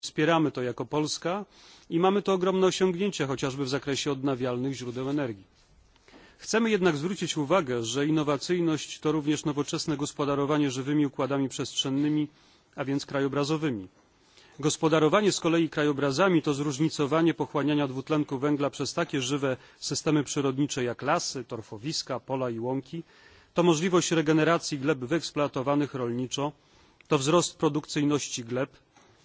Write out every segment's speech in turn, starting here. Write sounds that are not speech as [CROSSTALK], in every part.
Wspieramy to jako Polska i mamy to ogromne osiągnięcia, chociażby w zakresie odnawialnych źródeł energii. Chcemy jednak zwrócić uwagę, że innowacyjność to również nowoczesne gospodarowanie żywymi układami przestrzennymi, a więc krajobrazowymi. Gospodarowanie z kolei krajobrazami to zróżnicowanie pochłaniania dwutlenku węgla przez takie żywe systemy przyrodnicze jak lasy, torfowiska, pola i łąki. To możliwość regeneracji gleb wyeksploatowanych rolniczo, to wzrost produkcyjności gleb,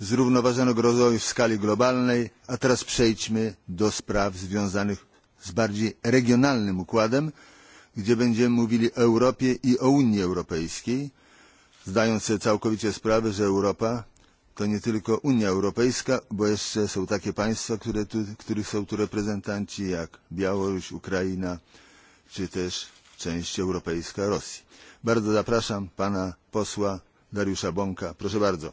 zrównoważonego rozwoju w skali globalnej a teraz przejdźmy do spraw związanych z bardziej regionalnym układem gdzie będziemy mówili o europie i o unii europejskiej zdając sobie całkowicie sprawę że europa to nie tylko unia europejska bo jeszcze są takie państwa które tu, których są tu reprezentanci jak białoruś ukraina czy też część europejska rosji. bardzo zapraszam pana posła dariusza bąka proszę bardzo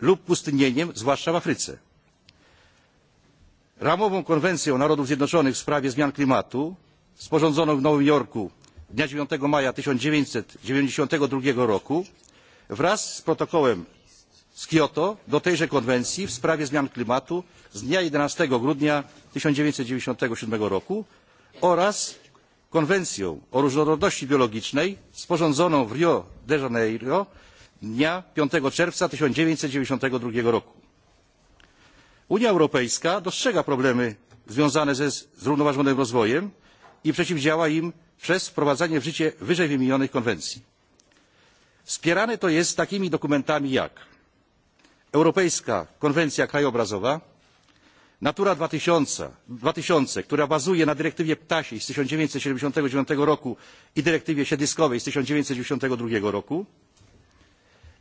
lub pustynnieniem, zwłaszcza w Afryce. Ramową konwencję Narodów Zjednoczonych w sprawie zmian klimatu, sporządzoną w Nowym Jorku dnia 9 maja 1992 roku, wraz z protokołem z Kioto do tejże konwencji w sprawie zmian klimatu z dnia 11 grudnia 1997 roku oraz konwencją o różnorodności biologicznej sporządzoną w Rio de Janeiro dnia pięć czerwca tysiąc dziewięćset dziewięćdzisiąt dwa roku. unia europejska dostrzega problemy związane ze zrównoważonym rozwojem i przeciwdziała im przez wprowadzanie w życie wyżej wymienionych konwencji. wspierane to jest takimi dokumentami jak europejska konwencja krajobrazowa natura dwa tysiące która bazuje na dyrektywie ptasiej z tysiąc dziewięćset siedemdziesiąt dziewięć roku i dyrektywie siedliskowej z tysiąc dziewięćset dziewięćdzisiąt dwa roku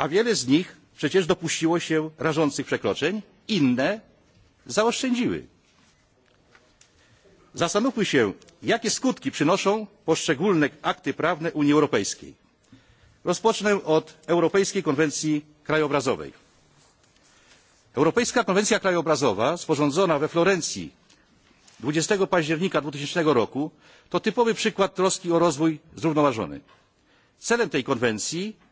a wiele z nich przecież dopuściło się rażących przekroczeń inne zaoszczędziły. zastanówmy się jakie skutki przynoszą poszczególne akty prawne unii europejskiej. rozpocznę od europejskiej konwencji krajobrazowej. europejska konwencja krajobrazowa sporządzona we florencji dwadzieścia października dwa tysiące roku to typowy przykład troski o rozwój zrównoważony. celem tej konwencji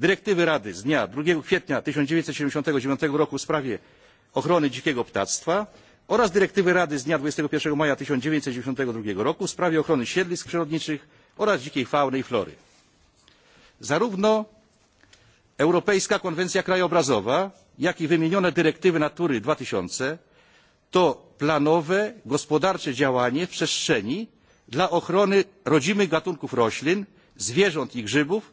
dyrektywy rady z dnia dwa kwietnia tysiąc dziewięćset siedemdziesiąt dziewięć roku w sprawie ochrony dzikiego ptactwa oraz dyrektywy rady z dnia dwadzieścia jeden maja tysiąc dziewięćset dziewięćdzisiąt dwa roku w sprawie ochrony siedlisk przyrodniczych oraz dzikiej fauny i flory. zarówno europejska konwencja krajobrazowa jak i wymienione dyrektywy natury dwa tysiące to planowe gospodarcze działanie w przestrzeni dla ochrony rodzimych gatunków roślin zwierząt i grzybów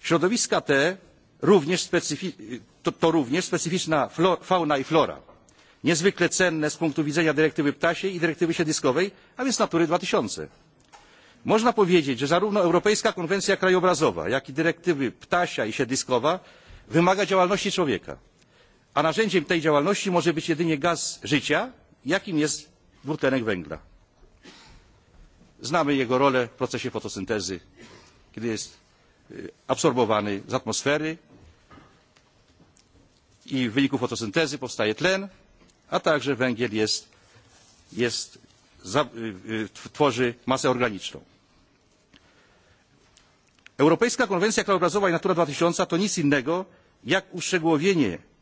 Środowiska te również to, to, również specyficzna fauna i flora, niezwykle cenne z punktu widzenia dyrektywy ptasiej i dyrektywy siedliskowej, a więc Natury dwa tysiące Można powiedzieć, że zarówno Europejska Konwencja Krajobrazowa, jak i dyrektywy ptasia i siedliskowa wymaga działalności człowieka, a narzędziem tej działalności może być jedynie gaz życia, jakim jest dwutlenek węgla. Znamy jego rolę w procesie fotosyntezy, kiedy jest absorbowany z atmosfery i w wyniku fotosyntezy powstaje tlen, a także węgiel tworzy masę organiczną. Europejska Konwencja Krajobrazowa i Natura dwa tysiące to nic innego jak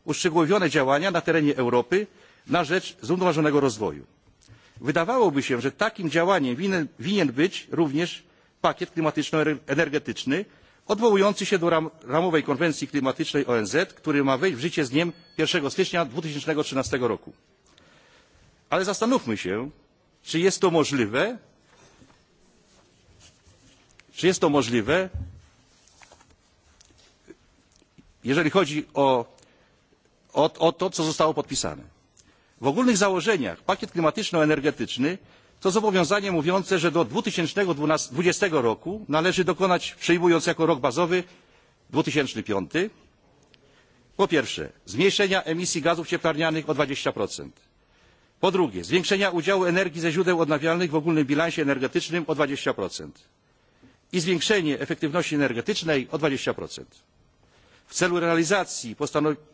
uszczegółowione działania na terenie Europy na rzecz zrównoważonego rozwoju. Wydawałoby się, że takim działaniem winien, winien być również pakiet klimatyczno-energetyczny, odwołujący się do ramowej konwencji klimatycznej onz który ma wejść w życie z dniem jeden stycznia dwa tysiące trzynaście roku. ale zastanówmy się czy jest to możliwe czy jest to możliwe jeżeli chodzi o, o, o to co zostało podpisane. w ogólnych założeniach pakiet klimatyczno energetyczny To zobowiązanie mówiące, że do 2020 roku należy dokonać, przyjmując jako rok bazowy 2005, po pierwsze, zmniejszenia emisji gazów cieplarnianych o 20%. Po drugie, zwiększenia udziału energii ze źródeł odnawialnych w ogólnym bilansie energetycznym o 20% i zwiększenie efektywności energetycznej o 20%. W celu realizacji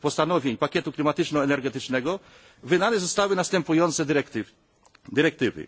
postanowień pakietu klimatyczno-energetycznego wydane zostały następujące dyrektyw dyrektywy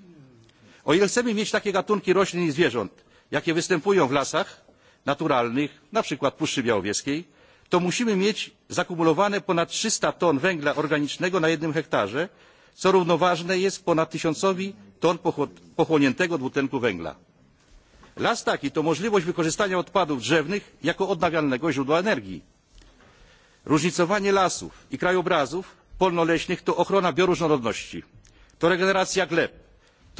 o ile chcemy mieć takie gatunki roślin i zwierząt jakie występują w lasach naturalnych na przykład puszczy białowieskiej to musimy mieć zakumulowane ponad trzysta ton węgla organicznego na jednym hektarze co równoważne jest ponad tysiącowi ton pochłoniętego dwutlenku węgla. las taki to możliwość wykorzystania odpadów drzewnych jako odnawialnego źródła energii. różnicowanie lasów i krajobrazów polno leśnych to ochrona bioróżnorodności to regeneracja gleb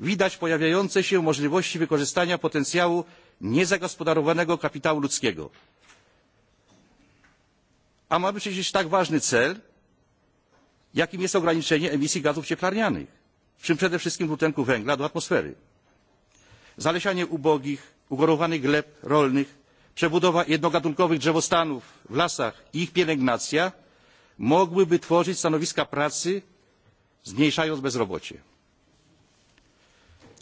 widać pojawiające się możliwości wykorzystania potencjału niezagospodarowanego kapitału ludzkiego. a mamy przecież tak ważny cel jakim jest ograniczenie emisji gazów cieplarnianych w czym przede wszystkim dwutlenku węgla do atmosfery. zalesianie ubogich ugorowanych gleb rolnych przebudowa jednogatunkowych drzewostanów w lasach i ich pielęgnacja mogłyby tworzyć stanowiska pracy zmniejszając bezrobocie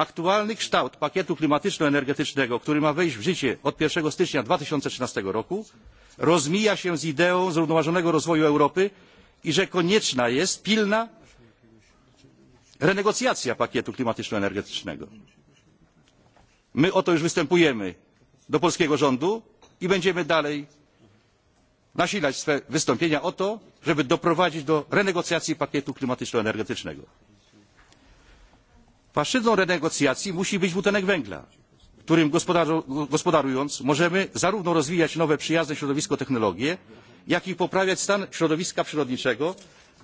aktualny kształt pakietu klimatyczno energetycznego który ma wejść w życie od jeden stycznia dwa tysiące trzynaście roku rozmija się z ideą zrównoważonego rozwoju europy i że konieczna jest pilna renegocjacja pakietu klimatyczno energetycznego. my o to już występujemy do polskiego rządu i będziemy dalej nasilać swe wystąpienia o to żeby doprowadzić do renegocjacji pakietu klimatyczno energetycznego. Płaszczyzną renegocjacji musi być dwutlenek węgla, którym gospodarując możemy zarówno rozwijać nowe przyjazne środowisko technologie, jak i poprawiać stan środowiska przyrodniczego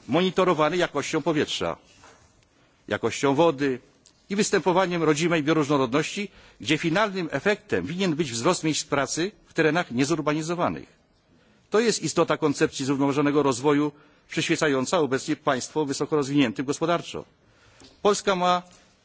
monitorowany jakością powietrza, jakością wody i występowaniem rodzimej bioróżnorodności, gdzie finalnym efektem winien być wzrost miejsc pracy w terenach niezurbanizowanych. To jest istota koncepcji zrównoważonego rozwoju przyświecająca obecnie państwom wysoko rozwiniętym gospodarczo. Polska ma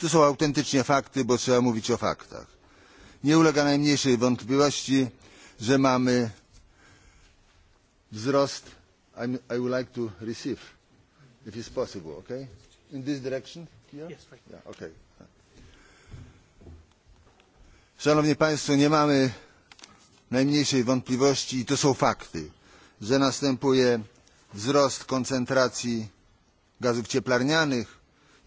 To są autentycznie fakty, bo trzeba mówić o faktach. Nie ulega najmniejszej wątpliwości, że mamy wzrost. I'm, I would like to receive, if it's possible, okay? In this direction? Here? Yes, right. Yeah, okay. Szanowni Państwo, nie mamy najmniejszej wątpliwości i to są fakty, że następuje wzrost koncentracji gazów cieplarnianych,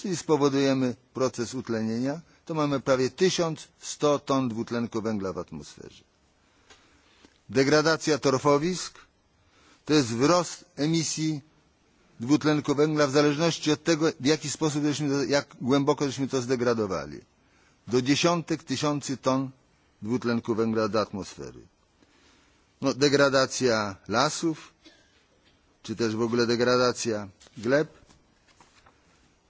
czyli spowodujemy proces utlenienia, to mamy prawie 1100 ton dwutlenku węgla w atmosferze. Degradacja torfowisk to jest wzrost emisji dwutlenku węgla w zależności od tego, w jaki sposób, żeśmy, jak głęboko żeśmy to zdegradowali. Do dziesiątek tysięcy ton dwutlenku węgla do atmosfery. No, degradacja lasów, czy też w ogóle degradacja gleb,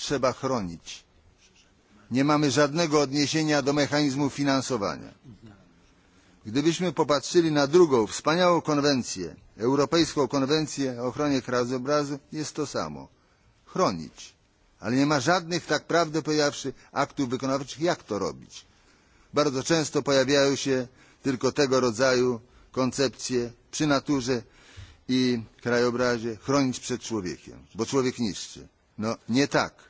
trzeba chronić. Nie mamy żadnego odniesienia do mechanizmu finansowania. Gdybyśmy popatrzyli na drugą wspaniałą konwencję, Europejską Konwencję o ochronie krajobrazu, jest to samo. Chronić. Ale nie ma żadnych, tak prawdę pojawszy, aktów wykonawczych, jak to robić. Bardzo często pojawiają się tylko tego rodzaju koncepcje przy naturze i krajobrazie chronić przed człowiekiem, bo człowiek niszczy. No nie tak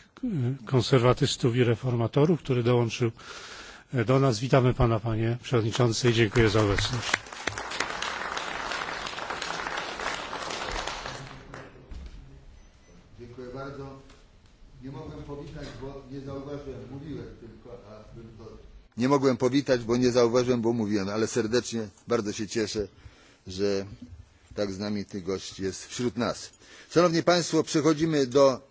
konserwatystów i reformatorów, który dołączył do nas. Witamy Pana, Panie Przewodniczący i dziękuję za obecność. Dziękuję bardzo. Nie mogłem powitać, bo nie zauważyłem. Mówiłem tylko, a bym to... Nie mogłem powitać, bo nie zauważyłem, bo mówiłem, ale serdecznie bardzo się cieszę, że tak znamity gość jest wśród nas. Szanowni Państwo, przechodzimy do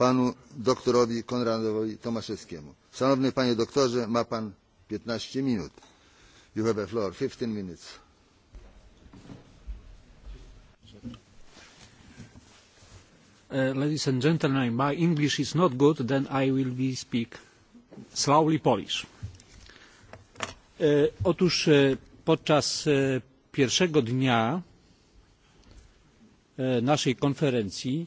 panu doktorowi Konradowi Tomaszewskiemu. Szanowny panie doktorze, ma pan 15 minut. You have a floor, 15 minutes. Uh, ladies and gentlemen, my English is not good, then I will be speak slowly Polish. Uh, otóż uh, podczas pierwszego dnia naszej konferencji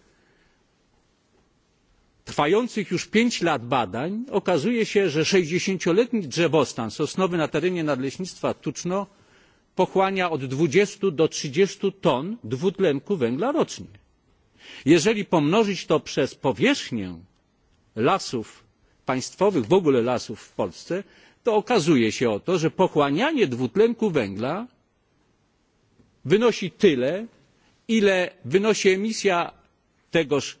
trwających już pięć lat badań okazuje się że sześćdziesięcioletni drzewostan sosnowy na terenie nadleśnictwa tuczno pochłania od dwadzieścia do trzydzieści ton dwutlenku węgla rocznie. jeżeli pomnożyć to przez powierzchnię lasów państwowych w ogóle lasów w polsce to okazuje się oto że pochłanianie dwutlenku węgla wynosi tyle ile wynosi emisja tegoż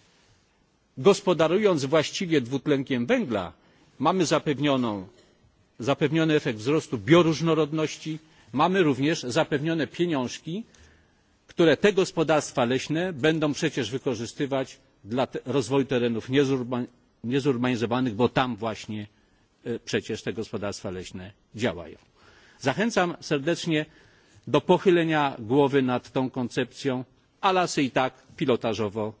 gospodarując właściwie dwutlenkiem węgla mamy zapewnioną, zapewniony efekt wzrostu bioróżnorodności mamy również zapewnione pieniążki które te gospodarstwa leśne będą przecież wykorzystywać dla rozwoju terenów niezurbanizowanych bo tam właśnie przecież te gospodarstwa leśne działają. zachęcam serdecznie do pochylenia głowy nad tą koncepcją a lasy i tak pilotażowo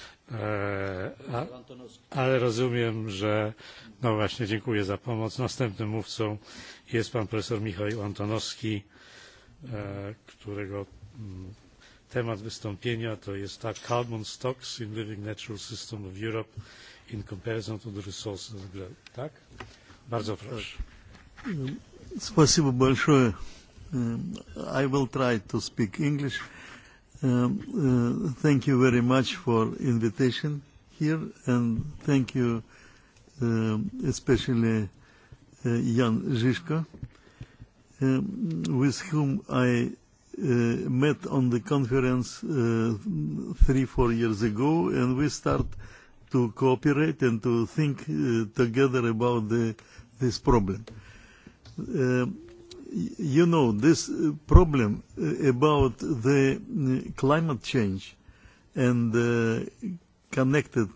a, ale rozumiem, że no właśnie dziękuję za pomoc. Następnym mówcą jest pan profesor Michał Antonowski, którego temat wystąpienia to jest tak carbon stocks in living natural system of Europe in comparison to the resources of the globe. Tak? Bardzo proszę. Спасибо большое. I will try to speak English. Um, uh, thank you very much for invitation here, and thank you uh, especially uh, Jan Zizka, um, with whom I uh, met on the conference uh, three, four years ago, and we start to cooperate and to think uh, together about the, this problem. Uh, you know, this uh, problem uh, about the uh, climate change and uh, connected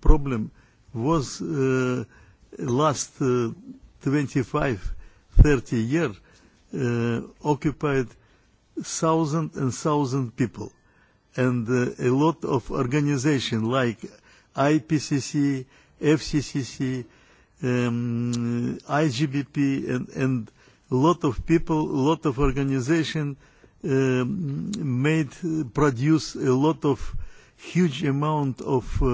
problem was uh, last uh, 25, 30 years uh, occupied thousand and thousand people. And uh, a lot of organization like IPCC, FCCC, um, IGBP, and, and a lot of people, a lot of organization uh, made, produce a lot of huge amount of uh,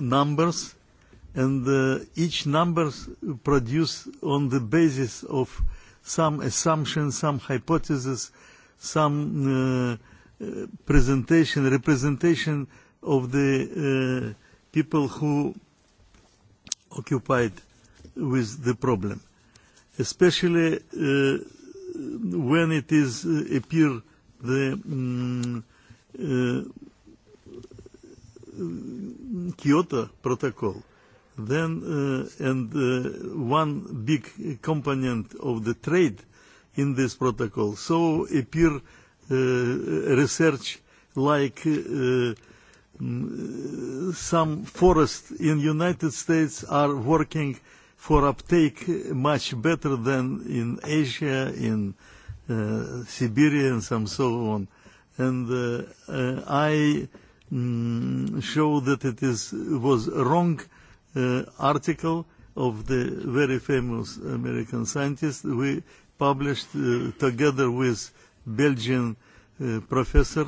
numbers and uh, each numbers produced on the basis of some assumptions, some hypotheses, some uh, presentation, representation of the uh, people who occupied with the problem especially uh, when it is uh, appear the um, uh, Kyoto Protocol, then uh, and uh, one big component of the trade in this protocol. So appear uh, research like uh, mm, some forests in United States are working uh, for uptake much better than in Asia, in uh, Siberia, and some so on. And uh, uh, I mm, show that it is was wrong uh, article of the very famous American scientist we published uh, together with Belgian uh, professor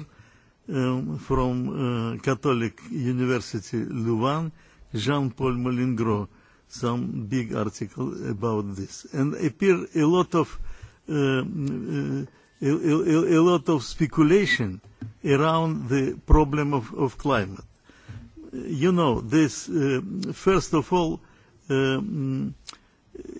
um, from uh, Catholic University Louvain, Jean-Paul Molingro some big article about this. And appear a lot of uh, uh a, a, a lot of speculation around the problem of, of climate. Uh, you know, this uh, first of all, um,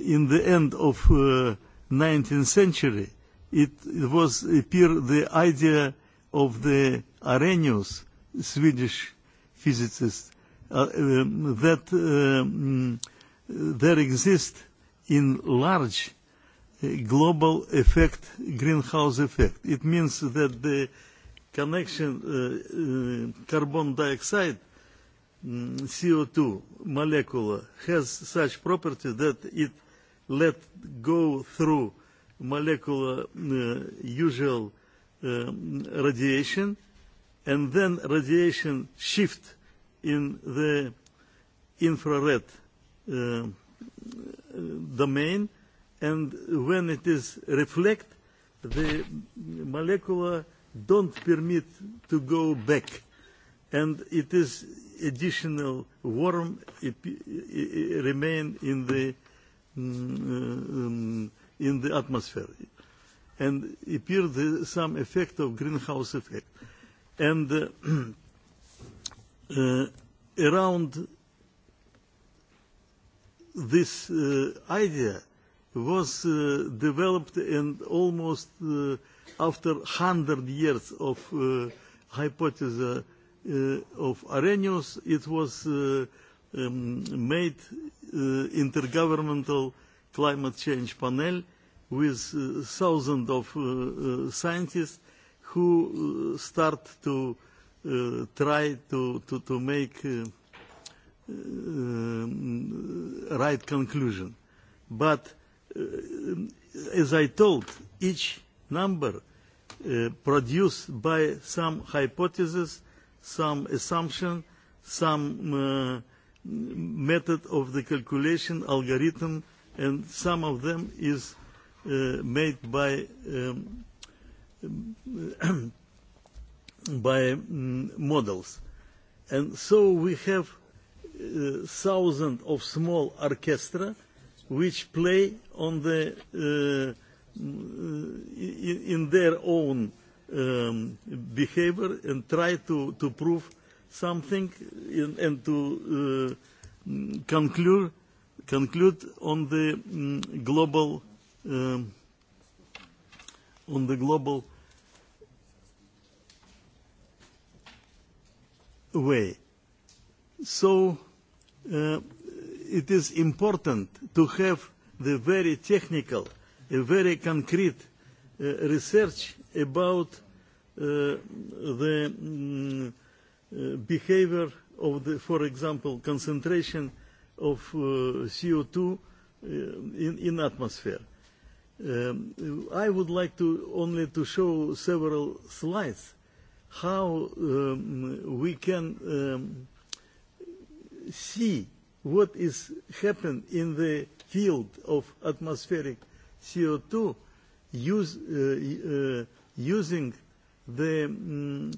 in the end of uh, 19th century, it, it was appear the idea of the Arrhenius, Swedish physicist, uh, um, that. Um, there exist in large eh, global effect, greenhouse effect. It means that the connection uh, uh, carbon dioxide mm, CO2 molecule has such property that it let go through molecular uh, usual um, radiation and then radiation shift in the infrared uh, uh, domain and when it is reflect the molecule don't permit to go back and it is additional warm it, it remain in the mm, uh, um, in the atmosphere and appear the, some effect of greenhouse effect and uh, [CLEARS THROAT] uh, around this uh, idea was uh, developed and almost uh, after 100 years of uh, hypothesis uh, of Arrhenius, it was uh, um, made uh, intergovernmental climate change panel with uh, thousands of uh, uh, scientists who uh, start to uh, try to, to, to make uh, Uh, uh, right conclusion. But uh, as I told, each number produced by some hypothesis, some assumption, some method of the calculation algorithm, and some of them is made by um, [CLEARS THROAT] by mm, models. And so we have Uh, thousand thousands of small orchestra which play on the uh, mm, uh, in, in their own um, behavior and try to, to prove something in, and to uh, conclude conclude on the um, global um, on the global way. So uh, it is important to have the very technical, a very concrete uh, research about uh, the um, uh, behavior of the, for example, concentration of uh, CO2 uh, in, in atmosphere. Um, I would like to only to show several slides how um, we can um, see what is happened in the field of atmospheric CO2 use, uh, uh, using the um,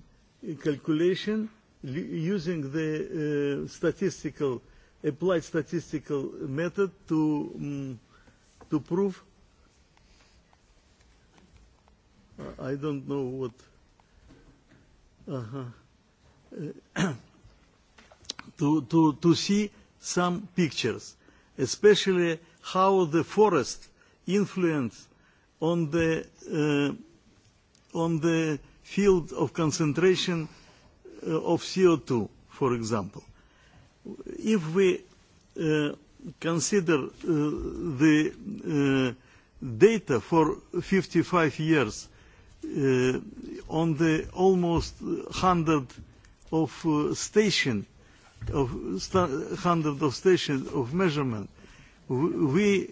calculation, using the uh, statistical, applied statistical method to, um, to prove I don't know what. Uh-huh. Uh, to, to, to see some pictures, especially how the forest influence on the, uh, on the field of concentration uh, of CO2, for example. If we uh, consider uh, the uh, data for 55 years uh, on the almost 100 of uh, stations of standard of station of measurement, we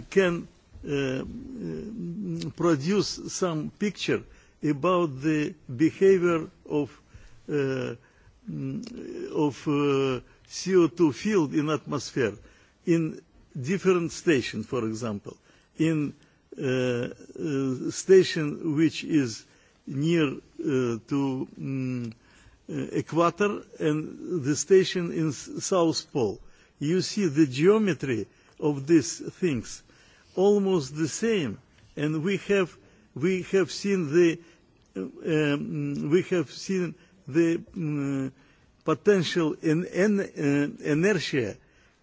uh, can uh, mm, produce some picture about the behavior of uh, mm, of uh, CO2 field in atmosphere in different station, for example, in uh, uh, station which is near uh, to um, Uh, equator and the station in South Pole. You see the geometry of these things almost the same, and we have we have seen the uh, um, we have seen the um, potential in, in uh, inertia,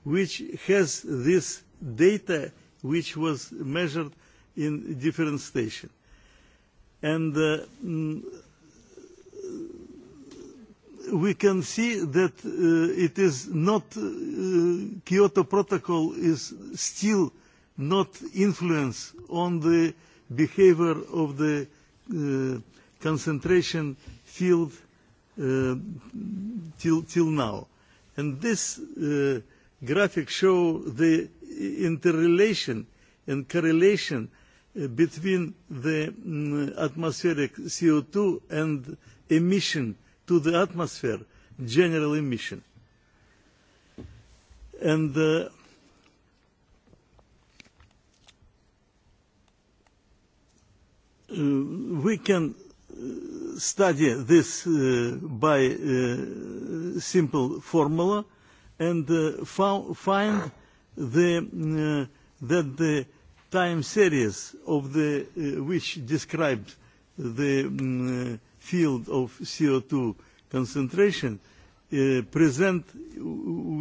which has this data which was measured in different station, and. Uh, mm, we can see that uh, it is not uh, Kyoto Protocol is still not influence on the behavior of the uh, concentration field uh, till till now, and this uh, graphic show the interrelation and correlation uh, between the um, atmospheric CO2 and emission to the atmosphere general emission. And uh, uh, we can uh, study this uh, by uh, simple formula and uh, find the, uh, that the time series of the uh, which described the mm, uh, field of CO2 concentration uh, present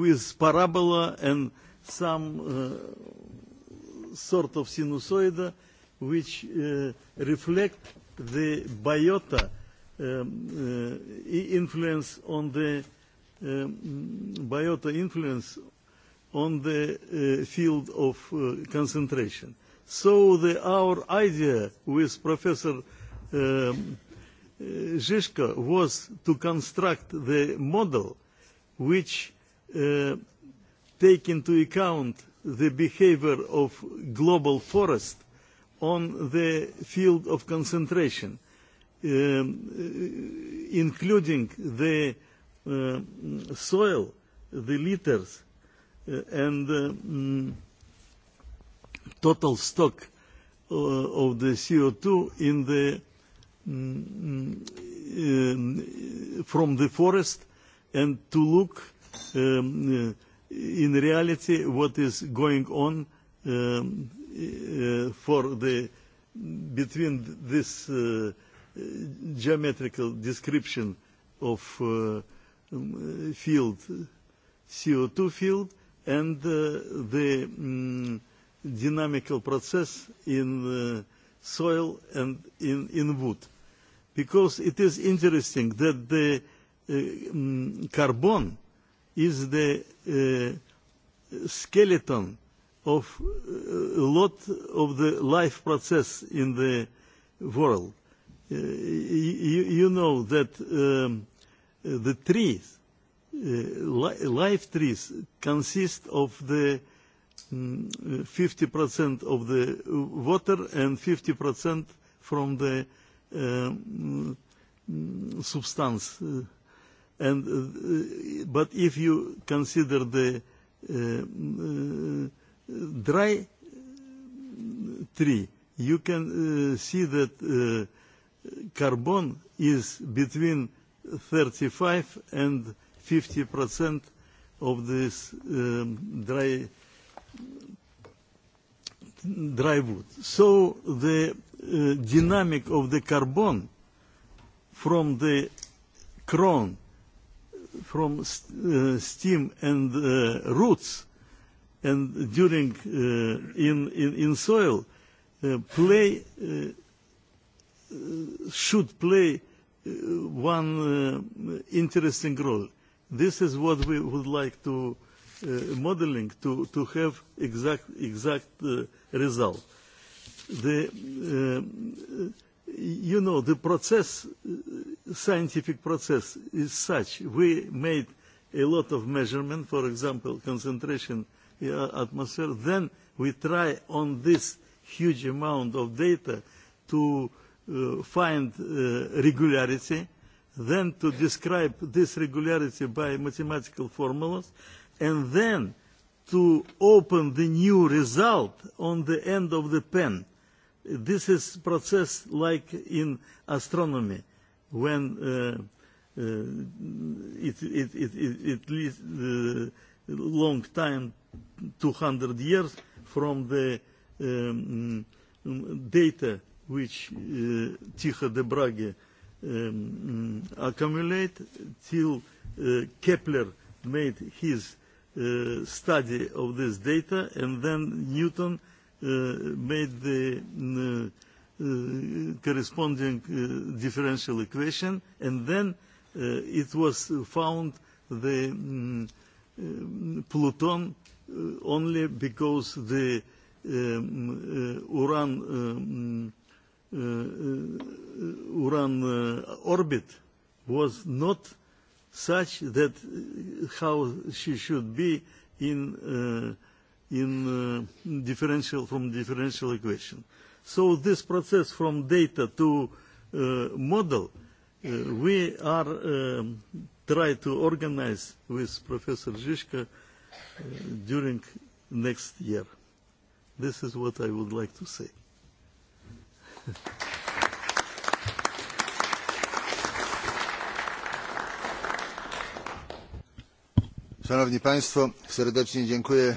with parabola and some uh, sort of sinusoid which uh, reflect the biota um, uh, influence on the um, biota influence on the uh, field of uh, concentration. So the, our idea with Professor um, Zizka was to construct the model which uh, take into account the behavior of global forest on the field of concentration, um, uh, including the uh, soil, the litters, uh, and uh, mm, total stock uh, of the CO2 in the um, from the forest and to look um, uh, in reality what is going on um, uh, for the between this uh, geometrical description of uh, um, field CO2 field and uh, the um, dynamical process in uh, soil and in, in wood because it is interesting that the uh, um, carbon is the uh, skeleton of uh, a lot of the life process in the world. Uh, you, you know that um, the trees, uh, li life trees, consist of the um, mm, 50% of the water and 50% from the uh, uh, mm, substance. Uh, and uh, but if you consider the uh, mm, uh, dry mm, tree, you can uh, see that uh, carbon is between 35 and 50 percent of this um, dry dry wood. So the uh, э, dynamic of the carbon from the crown, from uh, э, stem and uh, roots, and during uh, in, in in soil, uh, play uh, should play one uh, interesting role. This is what we would like to uh, modeling to to have exact exact uh, result the uh, you know the process scientific process is such we made a lot of measurement for example concentration in atmosphere then we try on this huge amount of data to uh, find uh, regularity then to describe this regularity by mathematical formulas and then to open the new result on the end of the pen this is process like in astronomy when uh, uh, it, it, it, it, it leads uh, long time 200 years from the um, data which uh, Tycho de Brage um, accumulate till uh, Kepler made his uh, study of this data and then Newton uh, made the uh, corresponding uh, differential equation, and then uh, it was found the um, Pluton only because the um, uh, Uran um, uh, Uran uh, orbit was not such that how she should be in in uh, differential from differential equation. So this process from data to uh, model, uh, we are um, try to organize with Professor Zizka uh, during next year. This is what I would like to say. Szanowni Państwo, serdecznie dziękuję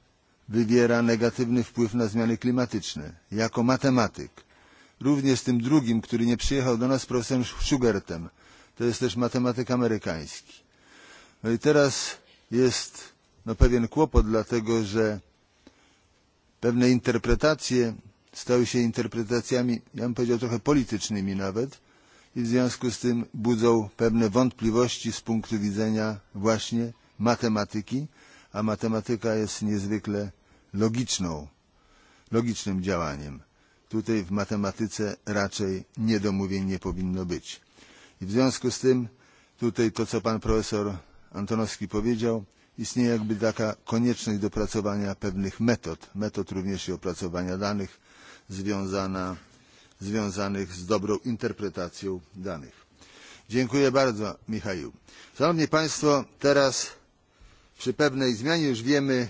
wywiera negatywny wpływ na zmiany klimatyczne. Jako matematyk, również tym drugim, który nie przyjechał do nas, profesorem Schugertem, to jest też matematyk amerykański. No i teraz jest no, pewien kłopot, dlatego że pewne interpretacje stały się interpretacjami, ja bym powiedział, trochę politycznymi nawet i w związku z tym budzą pewne wątpliwości z punktu widzenia właśnie matematyki, a matematyka jest niezwykle logiczną, logicznym działaniem. Tutaj w matematyce raczej niedomówień nie powinno być. I w związku z tym tutaj to, co pan profesor Antonowski powiedział, istnieje jakby taka konieczność dopracowania pewnych metod, metod również i opracowania danych związana, związanych z dobrą interpretacją danych. Dziękuję bardzo, Michał. Szanowni Państwo, teraz przy pewnej zmianie już wiemy,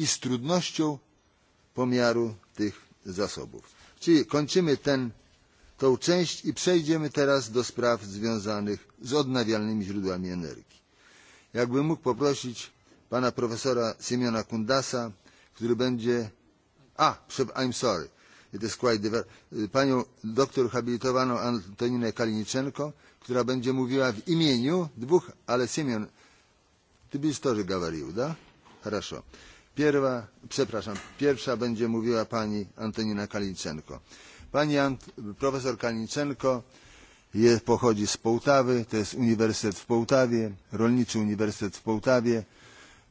i z trudnością pomiaru tych zasobów. Czyli kończymy ten, tą część i przejdziemy teraz do spraw związanych z odnawialnymi źródłami energii. Jakbym mógł poprosić pana profesora Siemiona Kundasa, który będzie... A, I'm sorry. It is quite diver... Panią doktor habilitowaną Antoninę Kaliniczenko, która będzie mówiła w imieniu dwóch, ale Siemion, ty byś тоже gawarił, da? Хорошо. Pierwa, przepraszam, pierwsza będzie mówiła pani Antonina Kalicenko. Pani Ant profesor Kalicenko je, pochodzi z Połtawy, to jest Uniwersytet w Połtawie, Rolniczy Uniwersytet w Połtawie,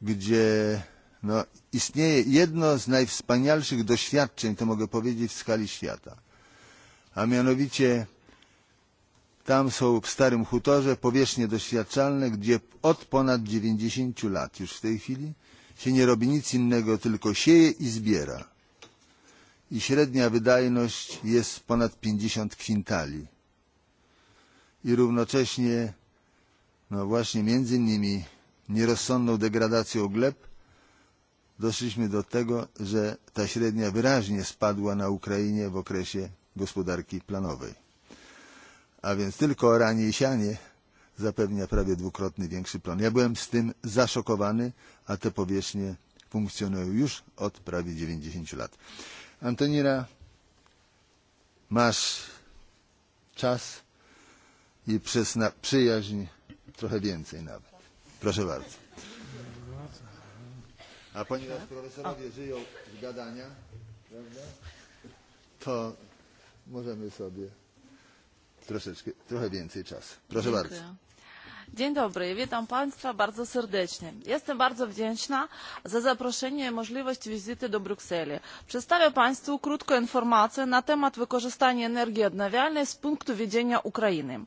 gdzie no, istnieje jedno z najwspanialszych doświadczeń, to mogę powiedzieć, w skali świata. A mianowicie tam są w Starym Hutorze powierzchnie doświadczalne, gdzie od ponad 90 lat już w tej chwili się nie robi nic innego, tylko sieje i zbiera. I średnia wydajność jest ponad 50 kwintali. I równocześnie, no właśnie między innymi nierozsądną degradacją gleb, doszliśmy do tego, że ta średnia wyraźnie spadła na Ukrainie w okresie gospodarki planowej. A więc tylko oranie i sianie zapewnia prawie dwukrotnie większy plon. Ja byłem z tym zaszokowany, a te powierzchnie funkcjonują już od prawie 90 lat. Antonina, masz czas i przez na przyjaźń trochę więcej nawet. Proszę bardzo. A ponieważ profesorowie żyją z gadania, prawda, to możemy sobie troszeczkę, trochę więcej czasu. Proszę Dziękuję. bardzo. Dzień dobry, witam Państwa bardzo serdecznie. Jestem bardzo wdzięczna za zaproszenie i możliwość wizyty do Brukseli. Przedstawię Państwu krótką informację na temat wykorzystania energii odnawialnej z punktu widzenia Ukrainy. Ukrainy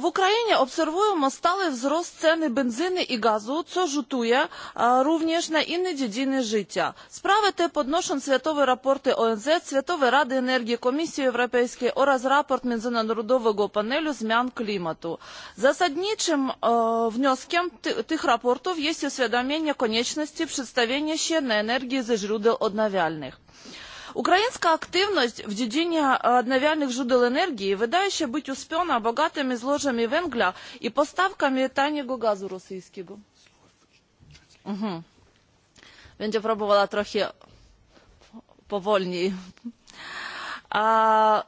W Ukrainie obserwujemy stały wzrost ceny benzyny i gazu, co rzutuje również na inne dziedziny życia. Sprawę tę podnoszą światowe raporty ONZ, Światowej Rady Energii, Komisji Europejskiej oraz raport Międzynarodowego Panelu Zmian Klimatu. Zasadniczym wnioskiem tych raportów jest uświadomienie konieczności przedstawienia się na energię ze źródeł odnawialnych. Украинская активность в dziedzinie odnawialnych źródeł energii wydaje się być uspiona bogatymi złożami węgla i postawkami taniego gazu rosyjskiego. Mhm. Będzie próbowała trochę powolniej. A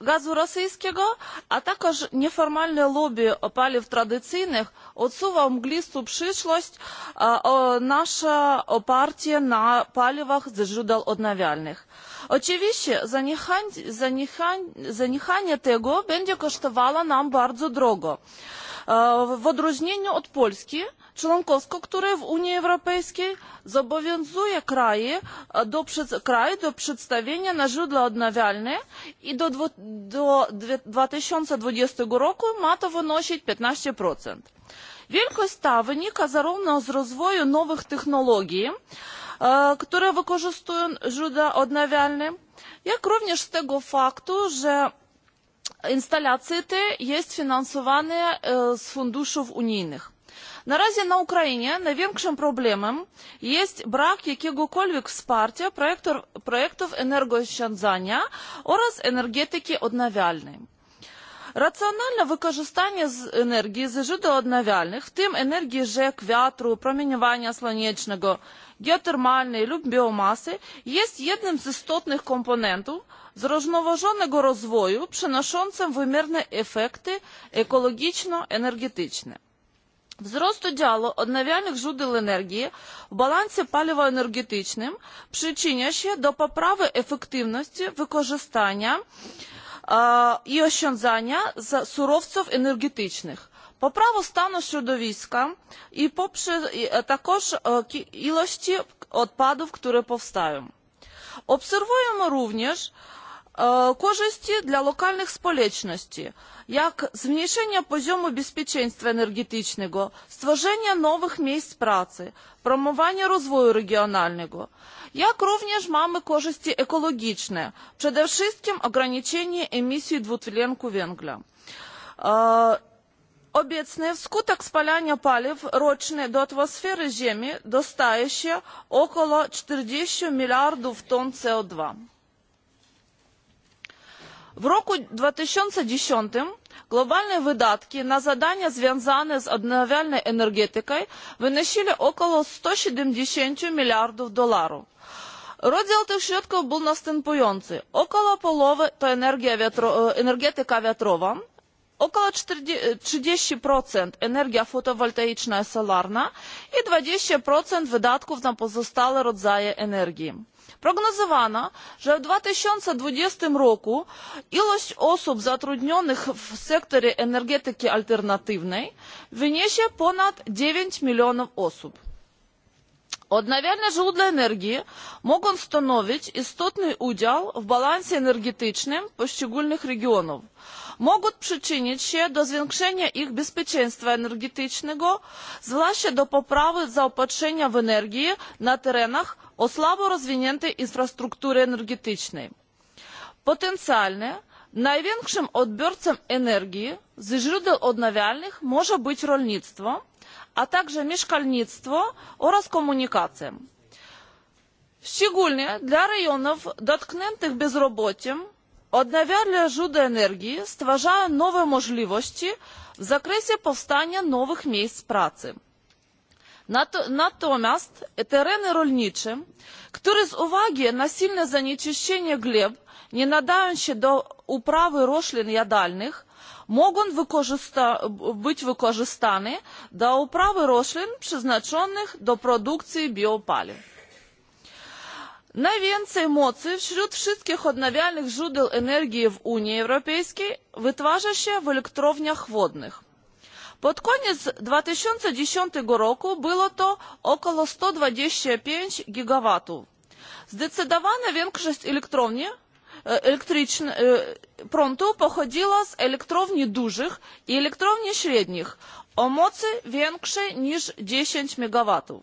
gazu rosyjskiego a także nieformalne lobby paliw tradycyjnych odsuwa w mglistą przyszłość nasze oparcie na paliwach ze źródeł odnawialnych. oczywiście zaniechanie tego będzie kosztowało nas bardzo drogo. w odróżnieniu od polski członkowsko które w unii europejskiej zobowiązuje kraje do przedstawienia na źródła odnawialne i do dwa tysiące dwadzieścia roku ma to wynosić piętnaście wielkość ta wynika zarówno z rozwoju nowych technologii które wykorzystują źródła odnawialne jak również z tego faktu że instalacje te są finansowane z funduszy unijnych. Na razie na Ukrainie największym problemem jest brak jakiegokolwiek wsparcia projektor, projektów energooszczędzania oraz energetyki odnawialnej. Racjonalne wykorzystanie z energii z źródeł odnawialnych, w tym energii rzek, wiatru, promieniowania słonecznego, geotermalnej lub biomasy, jest jednym z istotnych komponentów zrównoważonego rozwoju przynoszącym wymierne efekty ekologiczno-energetyczne Wzrost udziału odnawialnych źródeł energii w balansie paliwowo-energetycznym przyczynia się do poprawy efektywności wykorzystania i oszczędzania surowców energetycznych, poprawy stanu środowiska i także ilości odpadów, które powstają. Obserwujemy również Э, корзисці для локальных спалечнасці, як змniejszenie poziomu bezpieczeństwa energetycznego, stworzenie nowych miejsc pracy, promowanie rozwoju regionalnego. Jak również mamy korzyści ekologiczne, przede wszystkim ograniczenie emisji dwutlenku węgla. Obecnie wskutek spalania paliw rocznie do atmosfery Ziemi dostaje się około 40 miliardów ton CO2 w roku dwa tysiące dziesięć globalne wydatki na zadania związane z odnawialną energetyką wynosiły około sto siedemdziesiąt miliardów dolarów. rozdział tych środków był następujący około połowy to wiatro, energetyka wiatrowa około trzydzieści energia fotowoltaiczna i solarna i dwadzieścia wydatków na pozostałe rodzaje energii prognozowano że w dwa tysiące dwadzieścia roku ilość osób zatrudnionych w sektorze energetyki alternatywnej wyniesie ponad dziewięć milionów osób. odnawialne źródła energii mogą stanowić istotny udział w balansie energetycznym poszczególnych regionów mogą przyczynić się do zwiększenia ich bezpieczeństwa energetycznego zwłaszcza do poprawy zaopatrzenia w energię na terenach o słabo rozwiniętej infrastrukturze energetycznej. potencjalnie największym odbiorcą energii ze źródeł odnawialnych może być rolnictwo a także mieszkalnictwo oraz komunikacja. szczególnie dla rejonów dotkniętych bezrobociem odnawialne źródła energii stwarzają nowe możliwości w zakresie powstania nowych miejsc pracy. natomiast tereny rolnicze które z uwagi na silne zanieczyszczenie gleb nie nadają się do uprawy roślin jadalnych mogą być wykorzystane do uprawy roślin przeznaczonych do produkcji biopaliw. Najwięcej mocy wśród wszystkich odnawialnych źródeł energii w Unii Europejskiej wytwarza się w elektrowniach wodnych. Pod koniec 2010 roku było to około 125 gigawatów. Zdecydowana większość elektrowni prądu pochodziła z elektrowni dużych i elektrowni średnich o mocy większej niż 10 megawatów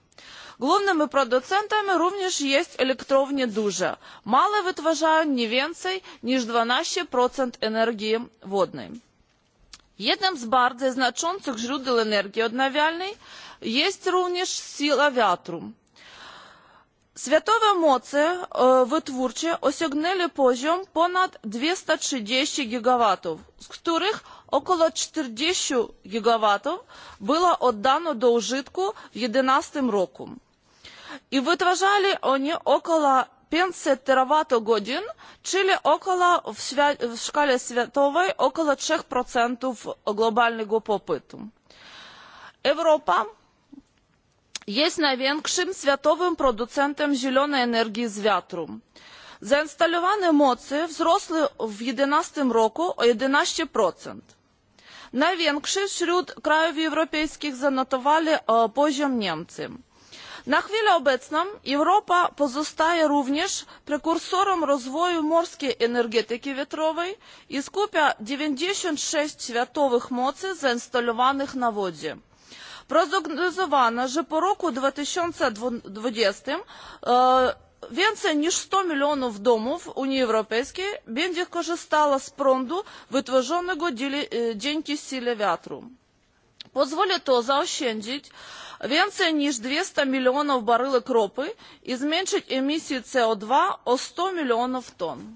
Главными продуцентами również jest elektrownie duże. Małe wytwarzają nie więcej niż 12% energii wodnej. Jednym z bardzo znaczących źródeł energii odnawialnej jest również siła wiatru. Światowe moce wytwórcze osiągnęły poziom ponad 230 gigawatów, z których około 40 gigawatów było oddano do użytku w 2011 roku и выражали они около 500 тераватт-годин, чили около, в, свя- в шкале световой около 3% глобального попыту. Европа jest największym światowym producentem zielonej energii z wiatru. zainstalowane moce wzrosły w 2011 roku o 11%. największy wśród krajów europejskich zanotowali poziom niemcy na chwilę obecną europa pozostaje również prekursorem rozwoju morskiej energetyki wiatrowej i skupia dziewięćdzisiąt sześć światowych mocy zainstalowanych na wodzie. prognozowano że po roku dwa tysiące dwadzieścia więcej niż sto milionów domów unii europejskiej będzie korzystało z prądu wytworzonego dzięki sile wiatru. pozwoli to zaoszczędzić Więcej niż 200 milionów baryłek ropy i zmniejszyć emisję CO2 o 100 milionów ton.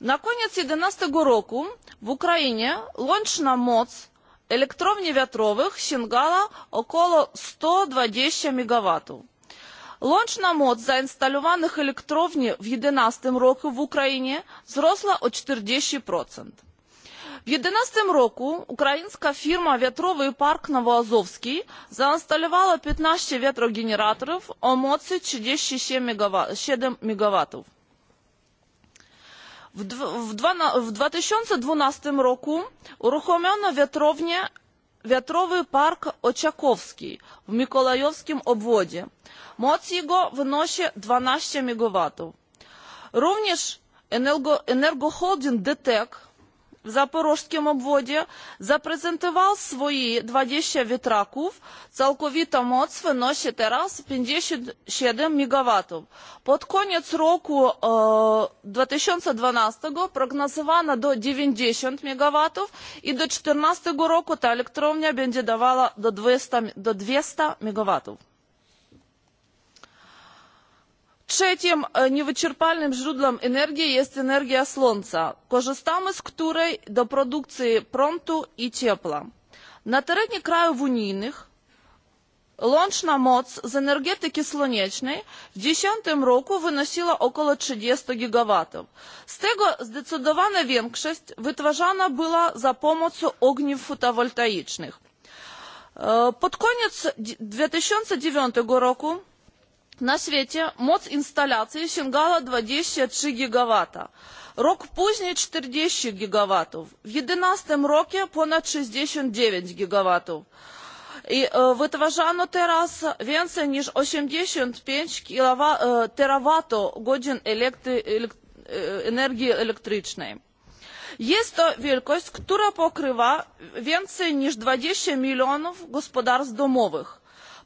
Na koniec 2011 roku w Ukrainie łączna moc elektrowni wiatrowych sięgała około 120 MW. Łączna moc zainstalowanych elektrowni w 2011 roku w Ukrainie wzrosła o 40% w jedenaście roku ukraińska firma wiatrowy park nowoazowski zainstalowała piętnaście wiatrogeneratorów o mocy trzydzieści siedem megawatów. w dwa tysiące dwanaście roku uruchomiono wiatrownię wiatrowy park oczakowski w mikołajowskim obwodzie. moc jego wynosi dwanaście megawatów. również energoholding dtec w zaporożskim obwodzie zaprezentował swoje dwadzieścia wiatraków całkowita moc wynosi teraz pięćdziesiąt siedem megawatów. pod koniec roku dwa tysiące dwanaście prognozowano do dziewięćdzisiąt megawatów i do dwa tysiące czternaście roku ta elektrownia będzie dawała do dwieście megawatów trzecim niewyczerpalnym źródłem energii jest energia słońca korzystamy z której do produkcji prądu i ciepła. na terenie krajów unijnych łączna moc z energetyki słonecznej w dwa tysiące dziesięć roku wynosiła około trzydzieści gigawatów z tego zdecydowana większość wytwarzana była za pomocą ogniw fotowoltaicznych. pod koniec dwa tysiące dziewięć roku на свете моц інсталяції сягала 23 гігавата. Рок пізніше 40 гігаватів. В 2011 році понад 69 гігаватів. І е, витважано зараз більше ніж 85 кілова, е, теравато-годин електри, елек, е, енергії електричної. Jest to wielkość, która pokrywa więcej niż 20 milionów gospodarstw domowych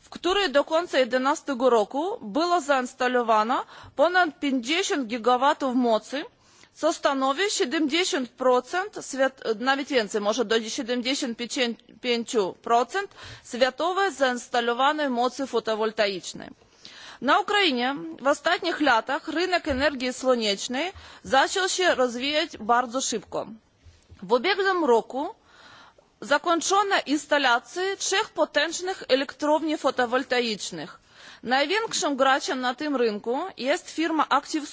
w której do końca dwa jedenaście roku było zainstalowane ponad pięćdziesiąt gigawatów mocy co stanowi siedemdziesiąt nawet więcej może do siedemdziesiąt pięć światowej zainstalowanej mocy fotowoltaicznej. na ukrainie w ostatnich latach rynek energii słonecznej zaczął się rozwijać bardzo szybko. w ubiegłym roku zakończone instalacje trzech potężnych elektrowni fotowoltaicznych. największym graczem na tym rynku jest firma active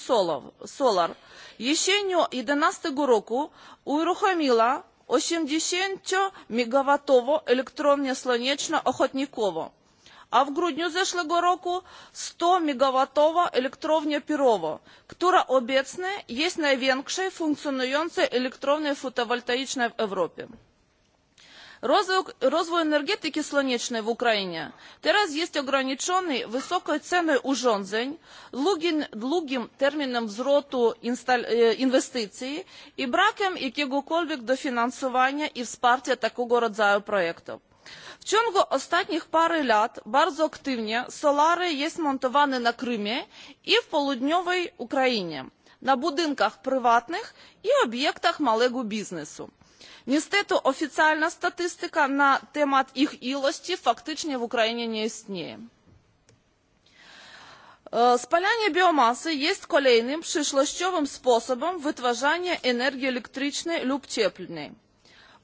solar. jesienią dwa tysiące jedenaście roku uruchomiła osiemdziesiąt megawatową elektrownię słoneczną ochotnikowo a w grudniu zeszłego roku sto megawatową elektrownię pirowo która obecnie jest największą funkcjonującą elektrownią fotowoltaiczną w europie. Rozwój energetyki słonecznej w Ukrainie teraz jest ograniczony wysoką ceną urządzeń, długim, długim terminem wzrostu inwestycji i brakiem jakiegokolwiek dofinansowania i wsparcia takiego rodzaju projektów. W ciągu ostatnich pary lat bardzo aktywnie solary jest montowane na Krymie i w południowej Ukrainie, na budynkach prywatnych i obiektach małego biznesu Niestety oficjalna statystyka na temat ich ilości faktycznie w Ukrainie nie istnieje. Spalanie biomasy jest kolejnym przyszłościowym sposobem wytwarzania energii elektrycznej lub cieplnej.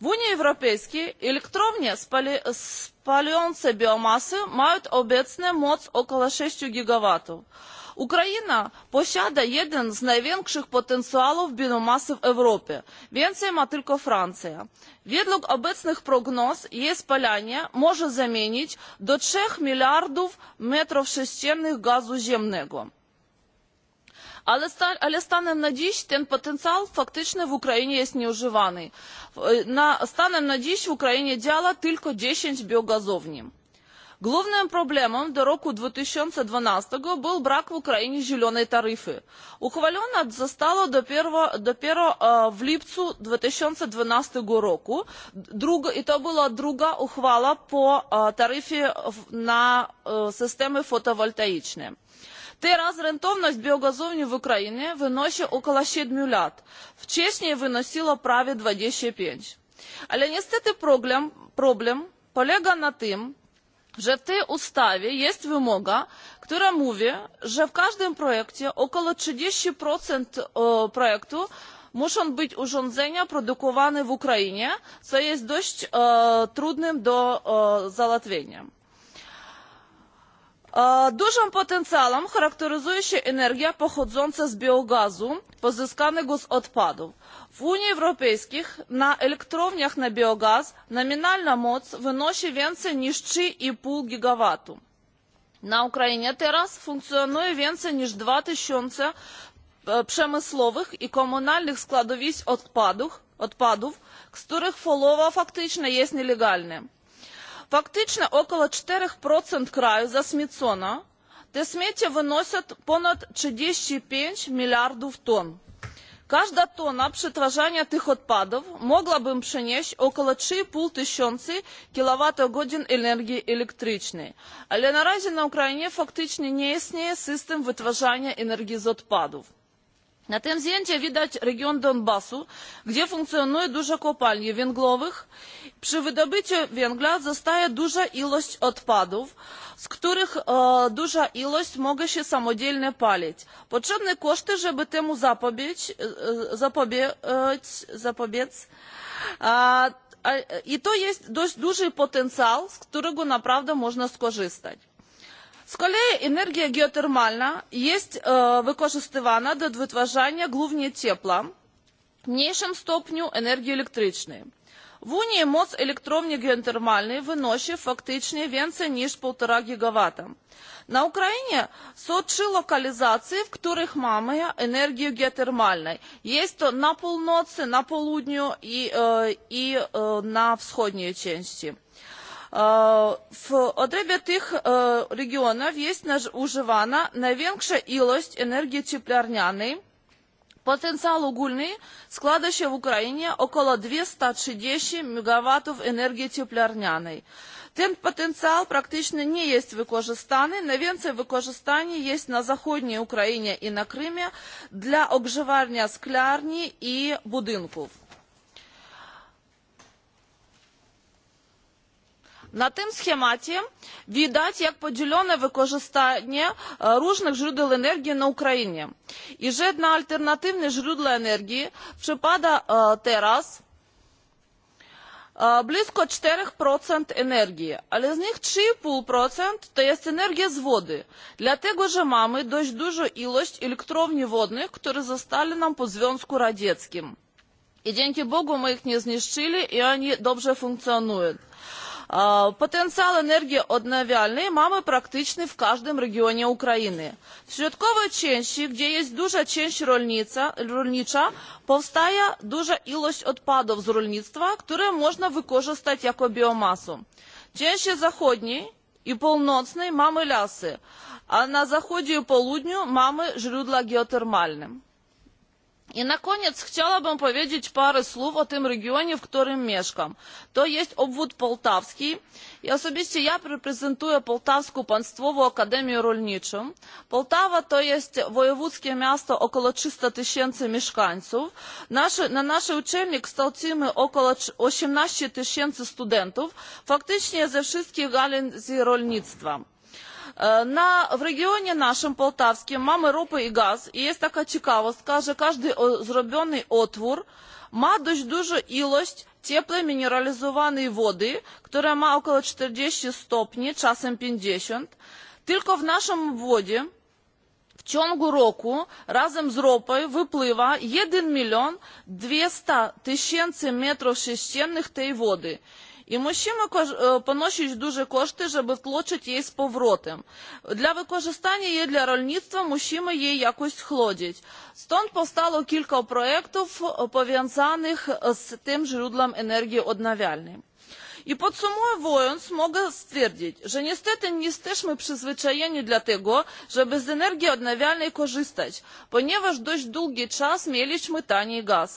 W Unii Europejskiej elektrownie spali spalające biomasę mają obecnie moc około 6 gigawatów Ukraina posiada jeden z największych potencjałów biomasy w Europie. Więcej ma tylko Francja. Według obecnych prognoz jej spalanie może zamienić do 3 miliardów metrów sześciennych gazu ziemnego. Ale, sta, ale stanem na dziś ten potencjał faktycznie w Ukrainie jest На, Na, stanem na dziś w Ukrainie działa 10 biogazowni главным проблемом до roku dwa tysiące dwanaście był brak w ukrainie zielonej taryfy. uchwalona została dopiero, dopiero w lipcu dwa tysiące dwanaście roku druga, i to była druga uchwała po taryfie na systemy fotowoltaiczne. Teraz rentowność biogazowni w Ukrainie wynosi około 7 lat. Wcześniej wynosiła prawie 25. Ale niestety problem, problem polega na tym, że w tej ustawie jest wymoga która mówi że w każdym projekcie około trzydzieści projektu muszą być urządzenia produkowane w ukrainie co jest dość trudne do załatwienia. dużym potencjałem charakteryzuje się energia pochodząca z biogazu pozyskanego z odpadów w unii europejskiej na elektrowniach na biogaz nominalna moc wynosi więcej niż trzy pięć gigawatów. na ukrainie teraz funkcjonuje więcej niż dwa tysiące przemysłowych i komunalnych składowisk odpadów, odpadów z których połowa faktycznie jest nielegalna. faktycznie około cztery kraju zaśmiecono te śmiecie wynoszą ponad trzydzieści pięć miliardów ton każda tona przetwarzania tych odpadów mogłaby przynieść około trzy pięć tysiąca kilowatogodzin energii elektrycznej ale na razie na ukrainie faktycznie nie istnieje system wytwarzania energii z odpadów на этом зенте видать регион донбассу где функцыянуе dużo kopalni węglowych przy wydobyciu węgla zostaje duża ilość odpadów z których e, duża ilość może się samodzielnie palić. potrzebne koszty żeby temu zapobiec, zapobiec, zapobiec a, a, i to jest dość duży potencjał z którego naprawdę można skorzystać Z kolei energia geotermalna jest wykorzystywana do wytwarzania głównie ciepła, w mniejszym stopniu energii elektrycznej. W Unii moc elektrowni geotermalnej wynosi faktycznie więcej niż 1,5 gigawata. Na Ukrainie są trzy lokalizacje, w których mamy energię geotermalną. Jest to na północy, na południu i, i na wschodniej części. W odrębie tych regionów jest używana największa ilość energii cieplarnianej. Potencjał ogólny składa się w 260 około 230 MW energii cieplarnianej. Ten potencjał praktycznie nie jest wykorzystany. Najwięcej wykorzystanie jest na zachodniej Ukrainie i na Krymie dla ogrzewania sklarni i budynków na tym schemacie widać jak podzielone wykorzystanie różnych źródeł energii na ukrainie i że na alternatywne źródła energii przypada teraz blisko cztery energii ale z nich trzy pięć to jest energia z wody dlatego że mamy dość dużą ilość elektrowni wodnych które zostały nam po związku radzieckim i dzięki bogu my ich nie zniszczyli i one dobrze funkcjonują. Потенциал энергии одноавиальной mamy praktyczny w każdym regionie Ukrainy. W środkowej części, gdzie jest duża część rolnica, rolnicza, powstaje duża ilość odpadów z rolnictwa, które można wykorzystać jako biomasę. W części zachodniej i północnej mamy lasy, a na zachodzie i południu mamy źródła geotermalne I na koniec chciałabym powiedzieć parę słów o tym regionie, w którym mieszkam. To jest obwód poltawski i osobiście ja reprezentuję Poltawską Państwową Akademię Rolniczą. Poltawa to jest wojewódzkie miasto około 300 tysięcy mieszkańców. Nasze, na naszej uczelni kształcimy około 18 tysięcy studentów, faktycznie ze wszystkich galin rolnictwa Э, на, в регионе нашем полтавском мамы ропу и газ и есть такая цікавостка, що кожен э, зроблений отвор ma dość dużą ilość cieplej mineralizowanej wody, która ma około 40 stopni, czasem 50. Tylko w naszym wodzie w ciągu roku razem z ropą wypływa 1 milion 200 tysięcy metrów sześciennych tej wody І мужчина э, поношують дуже кошти, щоб втлочити її з повротом. Для використання її для рольництва мужчина її якось хлодять. Stąd powstało kilka projektów powiązanych z tym źródłem energii odnawialnej. I podsumowując, mogę stwierdzić, że niestety nie jesteśmy przyzwyczajeni do tego, żeby z energii odnawialnej korzystać, ponieważ dość długi czas mieliśmy tani gaz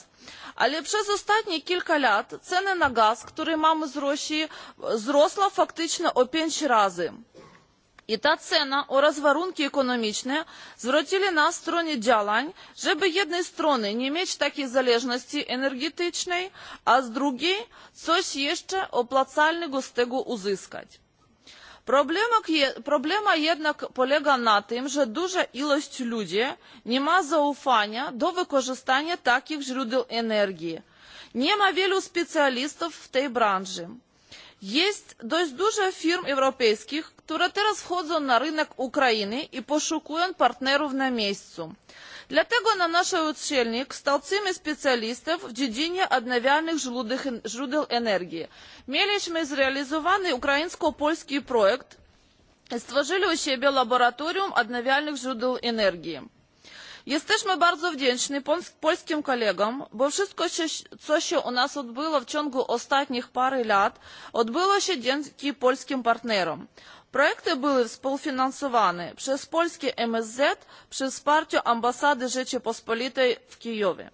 ale przez ostatnie kilka lat ceny na gaz który mamy z rosji wzrosła faktycznie o pięć razy i ta cena oraz warunki ekonomiczne zwrócili nas w stronę działań żeby z jednej strony nie mieć takiej zależności energetycznej a z drugiej coś jeszcze opłacalnego z tego uzyskać problema jednak polega na tym że duża ilość ludzi nie ma zaufania do wykorzystania takich źródeł energii. nie ma wielu specjalistów w tej branży. jest dość dużo firm europejskich które teraz wchodzą na rynek ukrainy i poszukują partnerów na miejscu dlatego na naszej uczelni kształcimy specjalistów w dziedzinie odnawialnych źródeł energii. mieliśmy zrealizowany ukraińsko polski projekt i stworzyli u siebie laboratorium odnawialnych źródeł energii. Jesteśmy bardzo wdzięczni polskim kolegom, bo wszystko, co się u nas odbyło w ciągu ostatnich pary lat, odbyło się dzięki polskim partnerom. Projekty były współfinansowane przez polskie MSZ przy wsparciu Ambasady Rzeczypospolitej w Kijowie.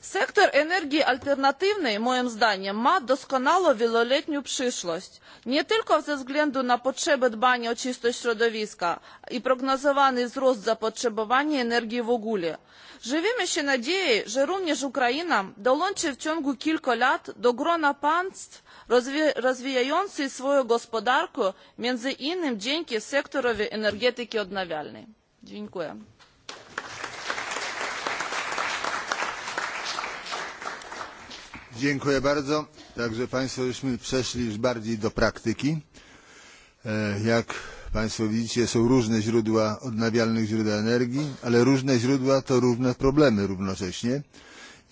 Sektor energii alternatywnej, moim zdaniem, ma doskonałą wieloletnią przyszłość. Nie tylko ze względu na potrzebę dbania o czystość środowiska i prognozowany wzrost zapotrzebowania energii w ogóle. Żywimy się nadziei, że również Ukraina dołączy w ciągu kilku lat do grona państw, развивающие swoją gospodarkę między innymi dzięki sektorowi energetyki odnawialnej. Dziękuję. Dziękuję bardzo. Także Państwo żeśmy przeszli już bardziej do praktyki. Jak Państwo widzicie, są różne źródła odnawialnych źródeł energii, ale różne źródła to różne problemy równocześnie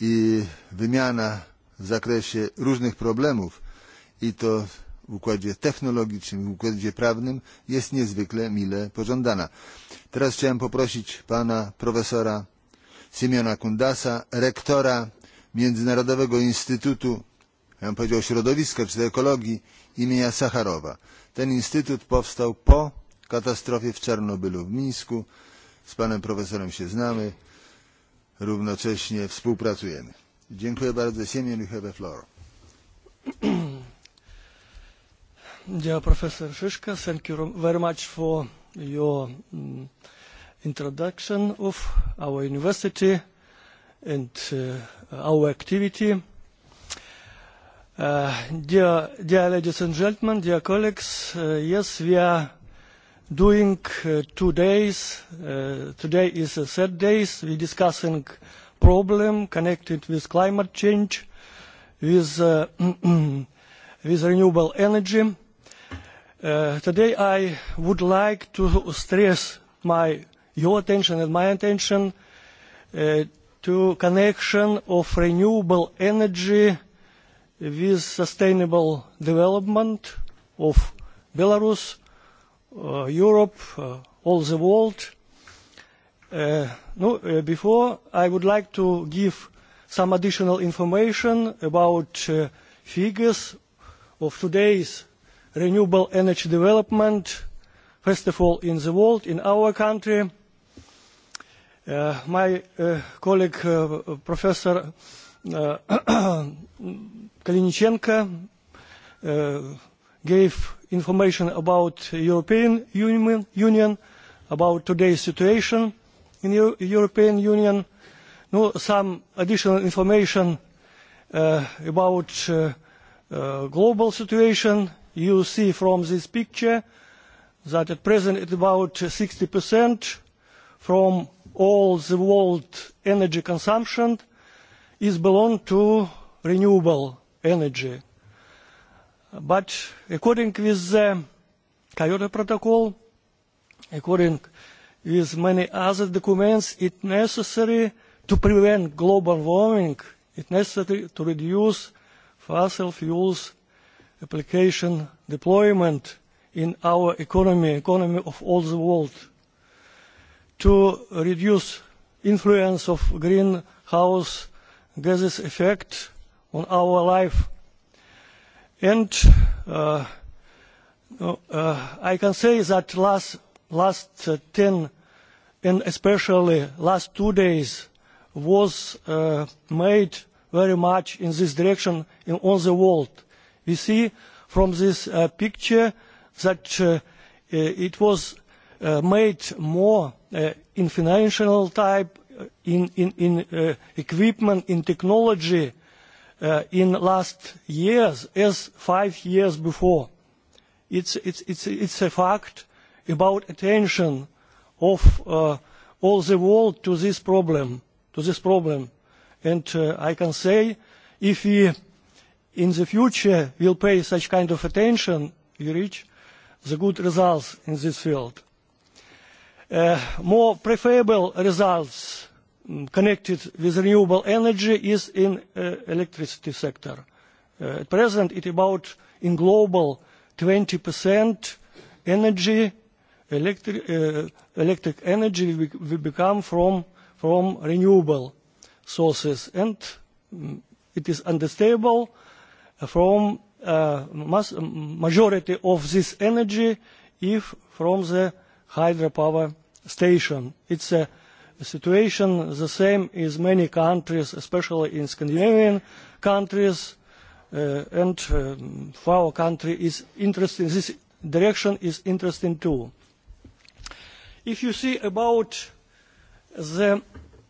i wymiana w zakresie różnych problemów i to w układzie technologicznym, w układzie prawnym jest niezwykle mile pożądana. Teraz chciałem poprosić pana profesora Simiona Kundasa, rektora Międzynarodowego Instytutu, ja bym powiedział środowiska czy ekologii imienia Sacharowa. Ten instytut powstał po katastrofie w Czarnobylu w Mińsku. Z panem profesorem się znamy, równocześnie współpracujemy. Dziękuję bardzo. Simeon, you have the floor. [CLEARS THROAT] Dear Professor Shishka, thank you very much for your um, introduction of our university and uh, our activity. Uh, dear, dear ladies and gentlemen, dear colleagues, uh, yes, we are doing uh, two days. Uh, today is the third day. We are discussing problem connected with climate change, with, uh, [CLEARS THROAT] with renewable energy Uh, today I would like to stress my, your attention and my attention uh, to connection of renewable energy with sustainable development of Belarus, uh, Europe, uh, all the world. Uh, no, uh, before, I would like to give some additional information about figures of today's renewable energy development, first of all in the world, in our country. Uh, my uh, colleague, uh, Professor uh, [CLEARS THROAT] Kalinichenko, uh, gave information about European Union, Union about today's situation in the European Union. No, some additional information uh, about uh, uh, global situation you see from this picture that at present it's about 60% from all the world energy consumption is belong to renewable energy. But according with the Kyoto Protocol, according with many other documents, it's necessary to prevent global warming, it's necessary to reduce fossil fuels application, deployment in our economy, economy of all the world, to reduce influence of greenhouse gases effect on our life. And uh, uh, I can say that last, last uh, 10 and especially last two days was uh, made very much in this direction in all the world We see from this uh, picture that uh, uh it was uh, made more uh, in financial type, uh, in, in, in equipment, in technology in last years as five years before. It's, it's, it's, it's a fact about attention of all the world to this problem, to this problem. And I can say if we in the future will pay such kind of attention, you reach the good results in this field. Uh, more preferable results mm, connected with renewable energy is in uh, electricity sector. Uh, at present, it about in global 20% energy, electric, uh, electric energy we, become from, from renewable sources, and um, it is understandable from uh, mass, majority of this energy if from the hydropower station. It's a situation the same as many countries, especially in Scandinavian countries, uh, and uh, for our country is interesting. This direction is interesting too. If you see about the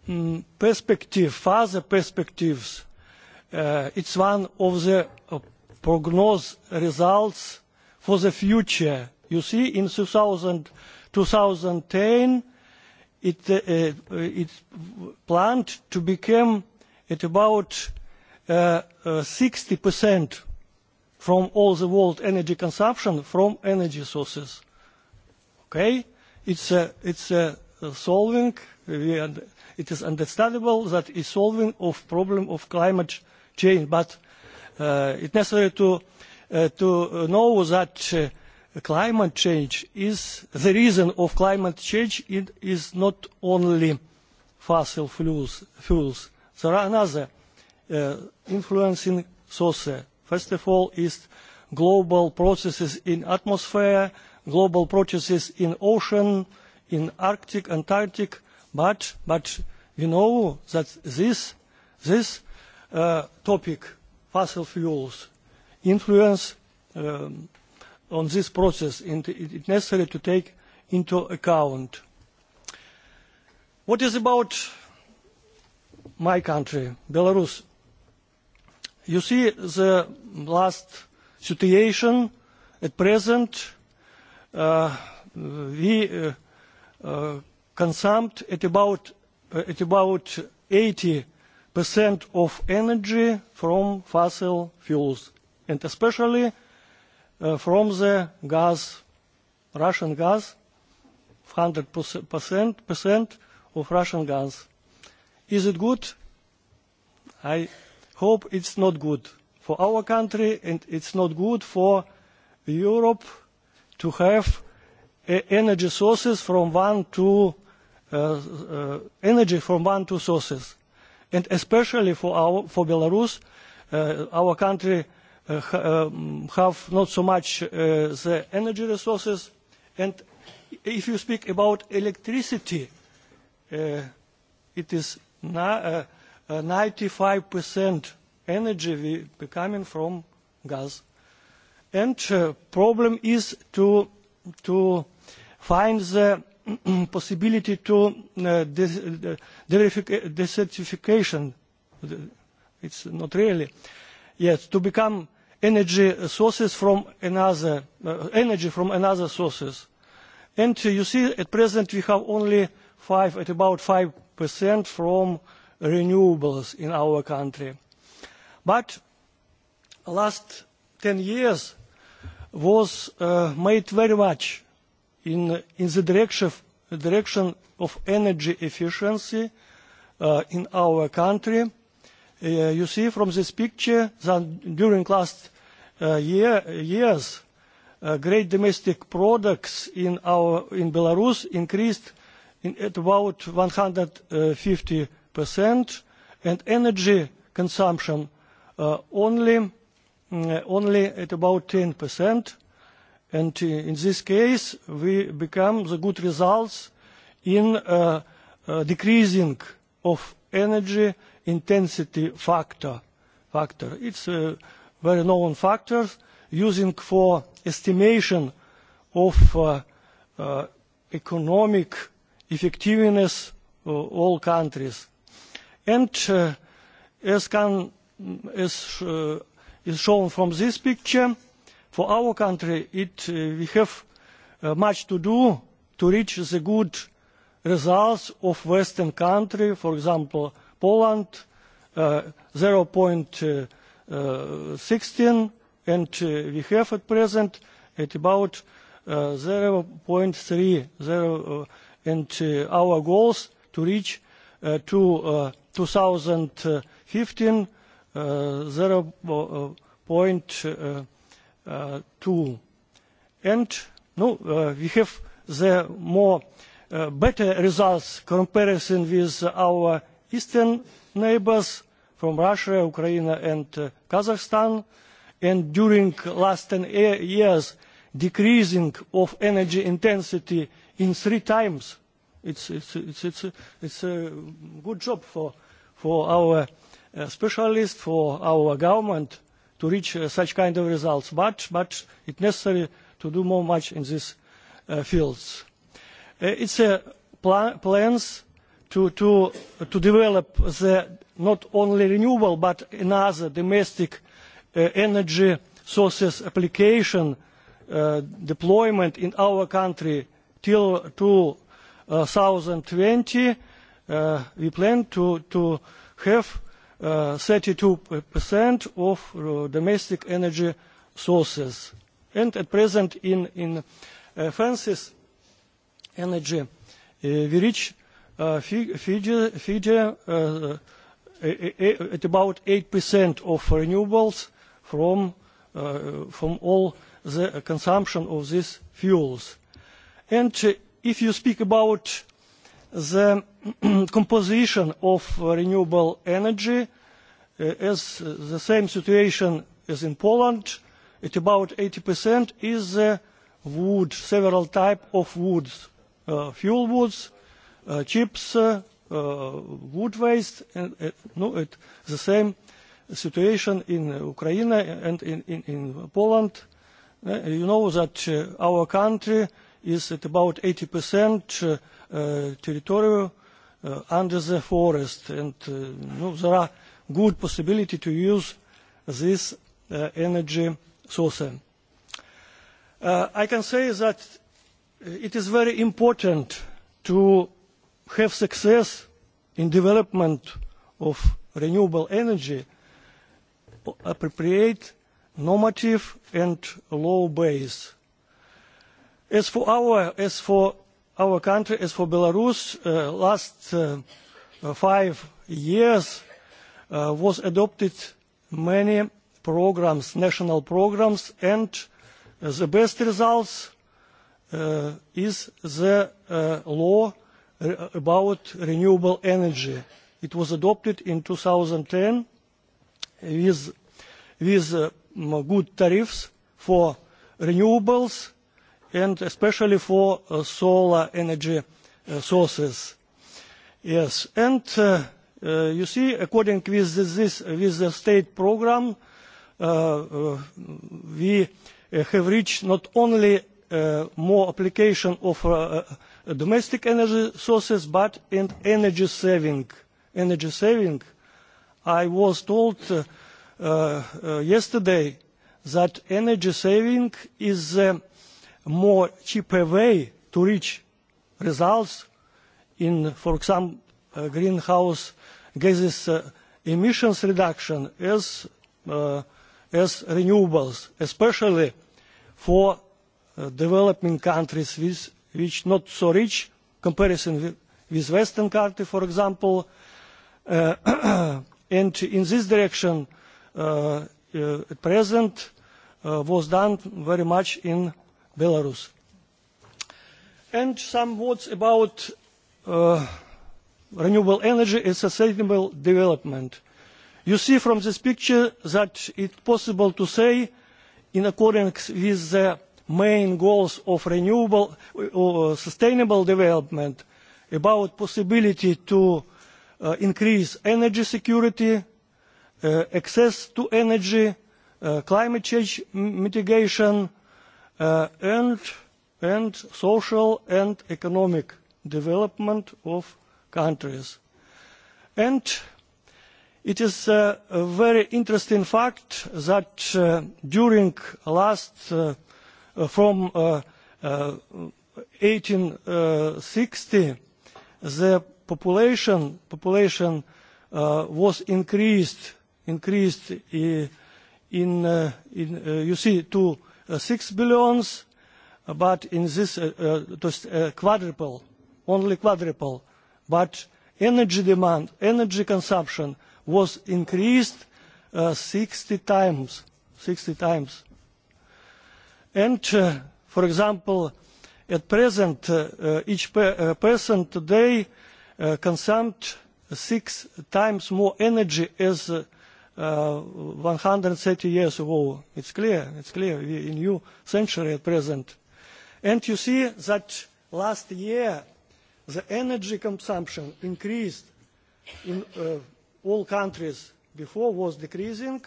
um, perspective, further perspectives Uh, it's one of the uh, э, prognose results for the future. You see, in 2000, 2010, it, uh, uh it's planned to become at about uh, 60% uh, from all the world energy consumption from energy sources. Okay? It's, a, uh, it's a solving, it is understandable that it's solving of problem of climate change change, but uh, it's necessary to, uh, to know that uh, climate change is the reason of climate change it is not only fossil fuels. fuels. There are another uh, influencing sources. First of all is global processes in atmosphere, global processes in ocean, in Arctic, Antarctic, but, but know that this, this Uh, topic, fossil fuels, influence um, on this process, and it is necessary to take into account. What is about my country, Belarus? You see the last situation at present, uh, we uh, uh, consumed at about, uh, at about 80 percent of energy from fossil fuels, and especially uh, from the gas, Russian gas, 100 percent, percent of Russian gas. Is it good? I hope it's not good for our country, and it's not good for Europe to have uh, energy sources from one to uh, uh, energy from one to sources and especially for, our, for Belarus, uh, our country uh, um, have not so much uh, the energy resources. And if you speak about electricity, uh, it is na, uh, 95% uh, energy coming from gas. And uh, problem is to, to find the [CLEARS THROAT] possibility to uh, uh desertification, it's not really, yes, to become energy sources from another, uh, energy from another sources. And uh, you see at present we have only five, at about 5% from renewables in our country. But last 10 years was uh, made very much in, in the direction, direction of energy efficiency uh, in our country. Uh, you see from this picture that during last uh, year, years, uh, great domestic products in, our, in Belarus increased in, at about 150%, and energy consumption uh, only, uh, only at about 10%. And uh, in this case, we become the good results in uh, uh, decreasing of energy intensity factor. factor. It's a very known factor using for estimation of uh, uh, economic effectiveness of all countries. And uh, as, can, as uh, is shown from this picture, for our country, it, uh, we have uh, much to do to reach the good results of Western countries. for example, Poland, uh, 0.16, uh, uh, and uh, we have at present at about uh, 0.3, 0, uh, and uh, our goals to reach uh, to uh, 2015 uh, 0.0 uh, tool. And no, uh, we have the more uh, better results comparison with our eastern neighbors from Russia, Ukraine and uh, Kazakhstan. And during last 10 uh, years, decreasing of energy intensity in three times. It's, it's, it's, it's, it's a good job for, for our uh, specialists, for our government to reach uh, such kind of results, but, but it's necessary to do more much in these uh, fields. Uh, it's a pl plans to, to, to develop the not only renewable but another domestic uh, energy sources application uh, deployment in our country till 2020. Uh, uh, we plan to, to have uh, 32% of uh, domestic energy sources. And at present in, in uh, fences energy, uh, we reach figure, figure at about 8% of renewables from, from all the consumption of these fuels. And if you speak about the [CLEARS THROAT] composition of renewable energy uh, is uh, the same situation as in Poland. At about 80% is uh, wood, several types of woods, uh, fuel woods, uh, chips, uh, uh wood waste, and uh, no, the same situation in Ukraine and in, in, in Poland. Uh, you know that uh, our country is at about 80% uh, territorial uh, under the forest. And uh, no, there are good possibility to use this uh, energy source. Uh, I can say that it is very important to have success in development of renewable energy appropriate normative and law base. As for our, as for our country as for Belarus uh, last uh, uh, five years uh, was adopted many programs, national programs, and uh, the best results uh, is the uh, law re about renewable energy. It was adopted in 2010 with, with uh, good tariffs for renewables, and especially for uh, solar energy uh, sources. Yes, and uh, uh, you see, according with this, with the state program, uh, uh, we uh, have reached not only uh, more application of uh, uh, domestic energy sources, but in energy saving. Energy saving. I was told uh, uh, uh yesterday that energy saving is uh, more cheaper way to reach results in, for example, uh, greenhouse gases uh, emissions reduction as, uh, as renewables, especially for uh, developing countries with, which not so rich comparison with, with Western countries, for example. Uh, [CLEARS THROAT] and in this direction, uh, uh, at present, uh, was done very much in Belarus. And some words about uh, renewable energy and sustainable development. You see from this picture that it's possible to say, in accordance with the main goals of renewable or uh, uh, sustainable development, about possibility to uh, increase energy security, uh, access to energy, uh, climate change mitigation, uh, and, and social and economic development of countries. And it is uh, a very interesting fact that uh, during last, uh, uh from uh, uh, 1860, the population, population uh, was increased, increased uh, in, uh, in uh, you see, to uh, 6 billions, uh, but in this uh, uh, uh, quadruple, only quadruple, but energy demand, energy consumption was increased uh, 60 times, 60 times. And, uh, for example, at present, uh, uh each per, person today consumes six times more energy as uh, 130 years ago. It's clear, it's clear, we, in new century at present. And you see that last year the energy consumption increased in uh, all countries before was decreasing,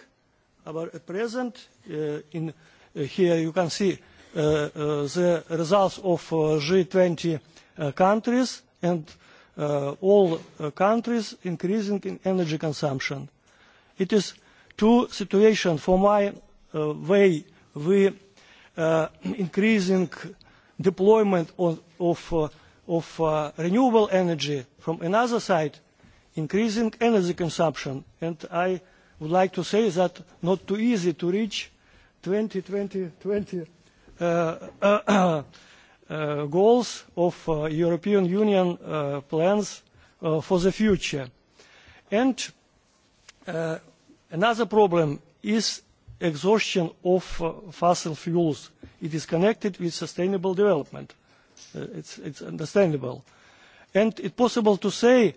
but at present uh, in, uh, here you can see uh, uh, the results of uh, G20 uh, countries and uh, all uh, countries increasing in energy consumption. It is two situations for my uh, way we uh, [CLEARS THROAT] increasing deployment of, of, uh, of uh, renewable energy from another side, increasing energy consumption. And I would like to say that not too easy to reach 2020 uh, [CLEARS THROAT] uh, uh, goals of uh, European Union uh, plans uh, for the future. And uh, Another problem is exhaustion of uh, fossil fuels. It is connected with sustainable development. Uh, it's, it's understandable. And it's possible to say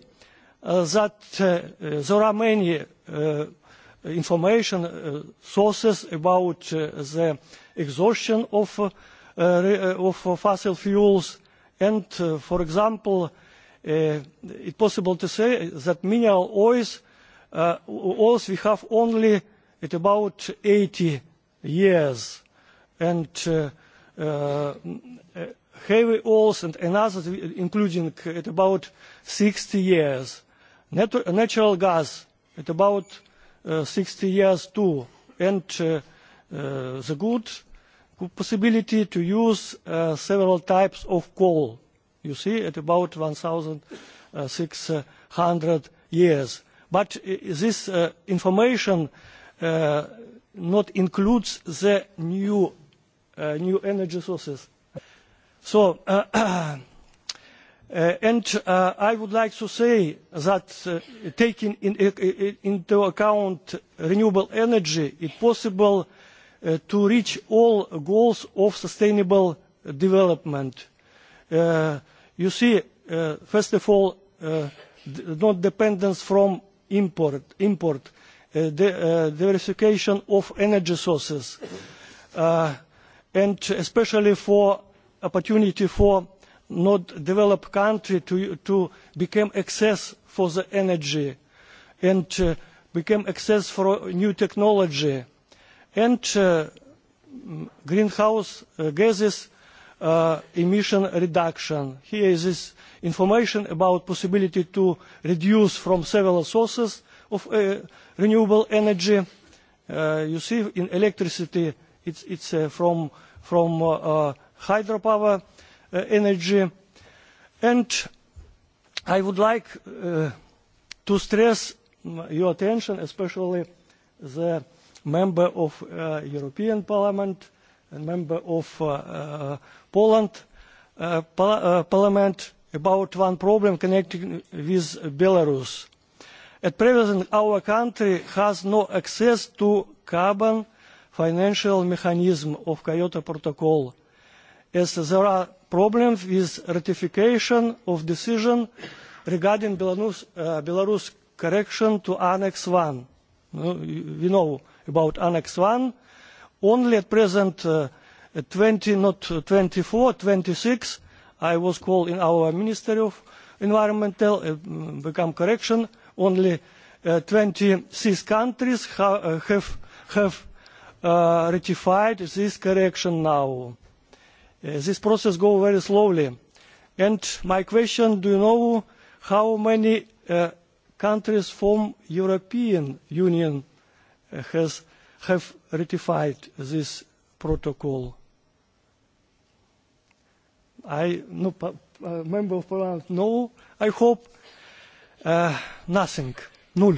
uh, that uh, uh, there are many uh, information uh, sources about uh, the exhaustion of, uh, uh of fossil fuels. And, for example, it's possible to say that mineral oils uh, also we have only at about 80 years and uh, uh, heavy oils and another including at about 60 years Nat natural gas at about uh, 60 years too and uh, uh, the good possibility to use uh, several types of coal you see at about 1600 years but this uh, information uh, not includes the new uh, new energy sources. So, [CLEARS THROAT] and I would like to say that taking in, into account renewable energy, it's possible to reach all goals of sustainable development. Uh, you see, uh, first of all, uh, not dependence from import, import the, uh, uh, diversification of energy sources, uh, and especially for opportunity for not developed country to, to become access for the energy and uh, become access for new technology and uh, greenhouse uh, gases uh, emission reduction. Here is information about possibility to reduce from several sources of uh, renewable energy. Uh, you see in electricity it's, it's uh, from, from uh, uh hydropower uh, energy. And I would like uh, to stress your attention, especially the member of European Parliament, and member of uh, uh, Poland uh, par uh, parliament about one problem connected with Belarus. At present, our country has no access to carbon financial mechanism of Kyoto Protocol, as there are problems with ratification of decision regarding Belarus, uh, Belarus correction to Annex 1. we know about Annex 1, only at present uh, 20, not 24, 26, I was called in our Ministry of Environmental, uh, become correction, only uh, 26 countries ha uh, have, have uh, ratified this correction now. Uh, this process goes very slowly. And my question, do you know how many uh, countries from European Union uh, has, have ratified this protocol. I, no, uh, member of parliament, no. I hope uh, nothing, null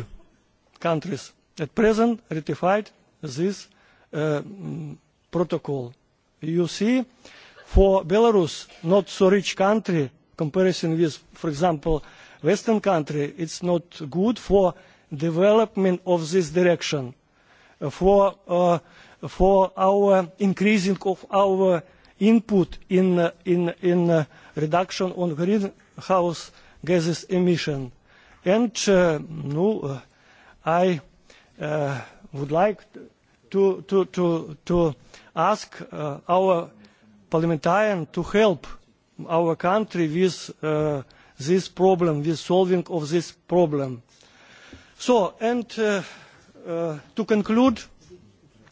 countries at present ratified this uh, protocol. You see, for Belarus, not so rich country, comparison with, for example, Western country, it's not good for development of this direction for, uh, ă, for our ă, increasing of our ă, input in, in, in uh, reduction on greenhouse gases emission. And uh, no, I uh, would like to, to, to, to ask uh, our parliamentarian to help our country with uh, this problem, with solving of this problem. So, and uh, Uh, to conclude,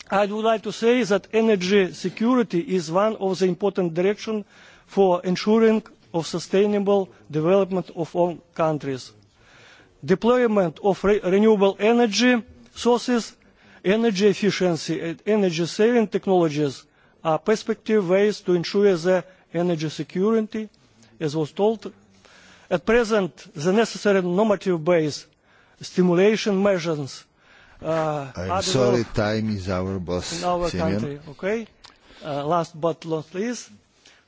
I would like to say that energy security is one of the important directions for ensuring of sustainable development of all countries. Deployment of renewable energy sources, energy efficiency and energy saving technologies are prospective ways to ensure the energy security, as was told. At present, the necessary normative base stimulation measures Uh, I'm sorry, time is our boss. In our Simeon. country, okay. Uh, last but not least,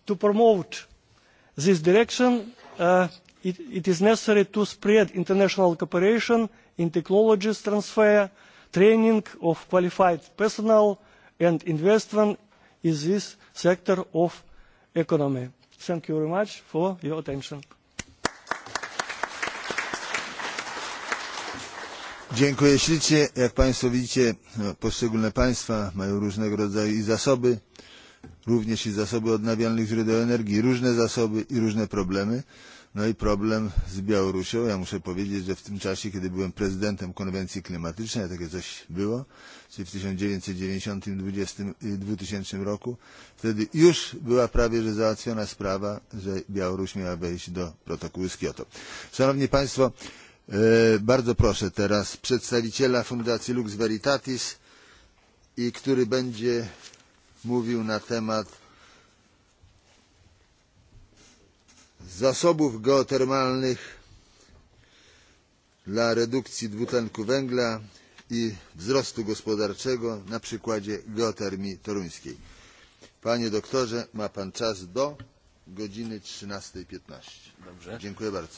to promote this direction, uh, it, it is necessary to spread international cooperation in technologies transfer, training of qualified personnel, and investment in this sector of economy. Thank you very much for your attention. Dziękuję ślicznie. Jak Państwo widzicie, poszczególne państwa mają różnego rodzaju i zasoby, również i zasoby odnawialnych źródeł energii, różne zasoby i różne problemy. No i problem z Białorusią. Ja muszę powiedzieć, że w tym czasie, kiedy byłem prezydentem konwencji klimatycznej, a takie coś było, czyli w 1990-2000 roku, wtedy już była prawie że załatwiona sprawa, że Białoruś miała wejść do protokołu z Kioto. Szanowni Państwo, Bardzo proszę teraz przedstawiciela Fundacji Lux Veritatis, i który będzie mówił na temat zasobów geotermalnych dla redukcji dwutlenku węgla i wzrostu gospodarczego na przykładzie geotermii toruńskiej. Panie doktorze, ma pan czas do godziny 13.15. Dobrze. Dziękuję bardzo.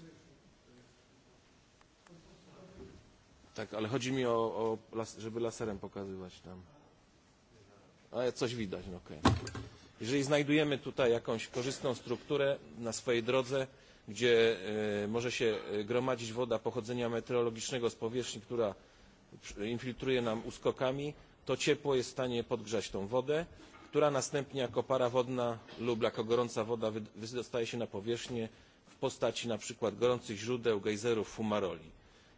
Tak, ale chodzi mi o, o las, żeby laserem pokazywać tam. Ale coś widać, no okej. Okay. Jeżeli znajdujemy tutaj jakąś korzystną strukturę na swojej drodze, gdzie y, może się gromadzić woda pochodzenia meteorologicznego z powierzchni, która infiltruje nam uskokami, to ciepło jest w stanie podgrzać tą wodę, która następnie jako para wodna lub jako gorąca woda wydostaje się na powierzchnię w postaci na przykład gorących źródeł, gejzerów, fumaroli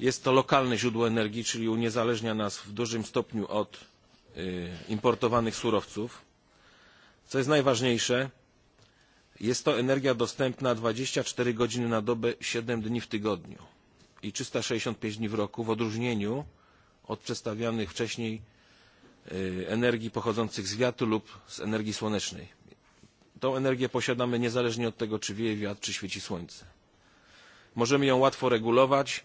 Jest to lokalne źródło energii, czyli uniezależnia nas w dużym stopniu od importowanych surowców. Co jest najważniejsze, jest to energia dostępna 24 godziny na dobę, 7 dni w tygodniu i 365 dni w roku, w odróżnieniu od przedstawianych wcześniej energii pochodzących z wiatru lub z energii słonecznej. Tą energię posiadamy niezależnie od tego, czy wieje wiatr, czy świeci słońce. Możemy ją łatwo regulować,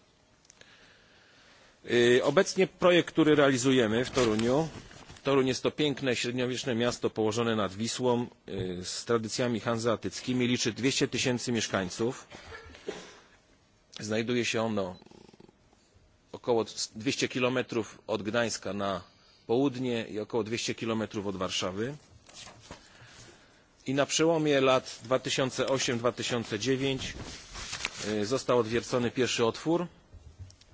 obecnie projekt który realizujemy w toruniu toruń jest to piękne średniowieczne miasto położone nad wisłą z tradycjami hanzeatyckimi liczy dwieście tysięcy mieszkańców znajduje się ono około dwieście kilometrów od gdańska na południe i około dwieście kilometrów od warszawy i na przełomie lat dwa tysiące osiem dwa tysiące dziewięć został odwiercony pierwszy otwór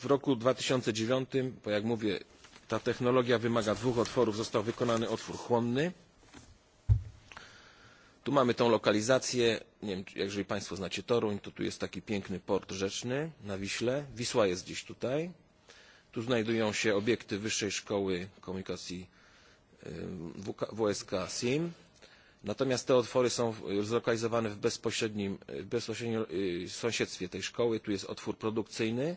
w roku dwa tysiące dziewięć bo jak mówię ta technologia wymaga dwóch otworów został wykonany otwór chłonny tu mamy tą lokalizację nie wiem jeżeli państwo znacie toruń to tu jest taki piękny port rzeczny na wiśle wisła jest gdzieś tutaj tu znajdują się obiekty wyższej szkoły komunikacji wsk sim natomiast te otwory są zlokalizowane w bezpośrednim, bezpośrednim sąsiedztwie tej szkoły tu jest otwór produkcyjny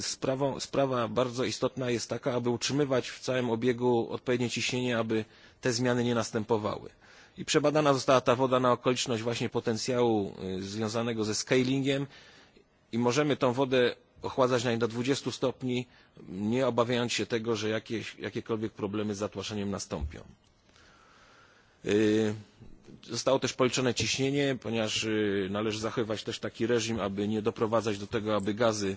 Sprawą, sprawa bardzo istotna jest taka, aby utrzymywać w całym obiegu odpowiednie ciśnienie, aby te zmiany nie następowały. I przebadana została ta woda na okoliczność właśnie potencjału związanego ze scalingiem i możemy tą wodę ochładzać na do 20 stopni, nie obawiając się tego, że jakieś, jakiekolwiek problemy z zatłaszczeniem nastąpią. zostało też policzone ciśnienie, ponieważ należy zachowywać też taki reżim, aby nie doprowadzać do tego, aby gazy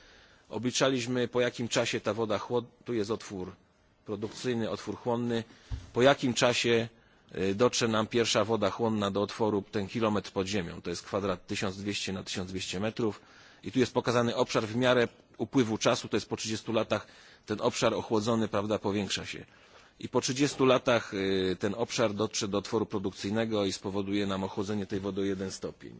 Obliczaliśmy, po jakim czasie ta woda chłodnie, tu jest otwór produkcyjny, otwór chłonny, po jakim czasie dotrze nam pierwsza woda chłonna do otworu ten kilometr pod ziemią. To jest kwadrat 1200 na 1200 metrów. I tu jest pokazany obszar w miarę upływu czasu, to jest po 30 latach ten obszar ochłodzony prawda, powiększa się. I po 30 latach ten obszar dotrze do otworu produkcyjnego i spowoduje nam ochłodzenie tej wody o jeden stopień.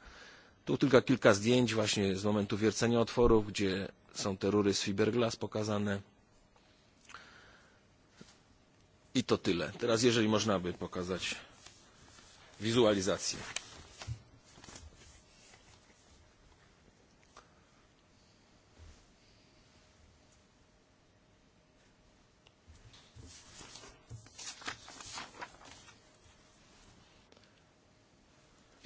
Tu tylko kilka zdjęć właśnie z momentu wiercenia otworów, gdzie są te rury z fiberglass pokazane. I to tyle. Teraz jeżeli można by pokazać wizualizację.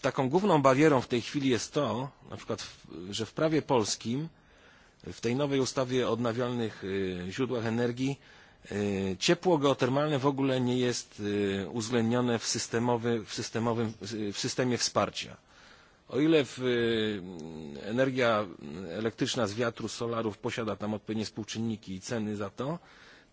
taką główną barierą w tej chwili jest to, na przykład, że w prawie polskim, w tej nowej ustawie o odnawialnych źródłach energii, ciepło geotermalne w ogóle nie jest uwzględnione w, systemowy, w, systemowym, w systemie wsparcia. O ile w, energia elektryczna z wiatru, solarów posiada tam odpowiednie współczynniki i ceny za to,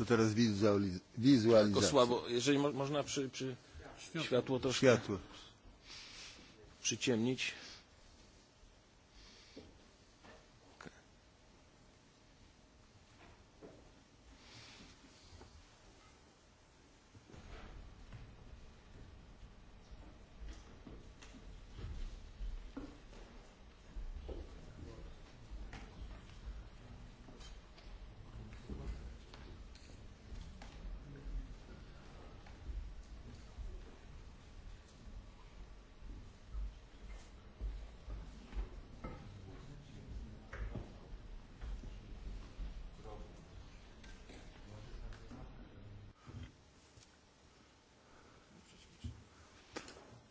to teraz wizualiz wizualizacja. Tylko słabo, jeżeli mo można przy, przy światło. światło troszkę światło. przyciemnić.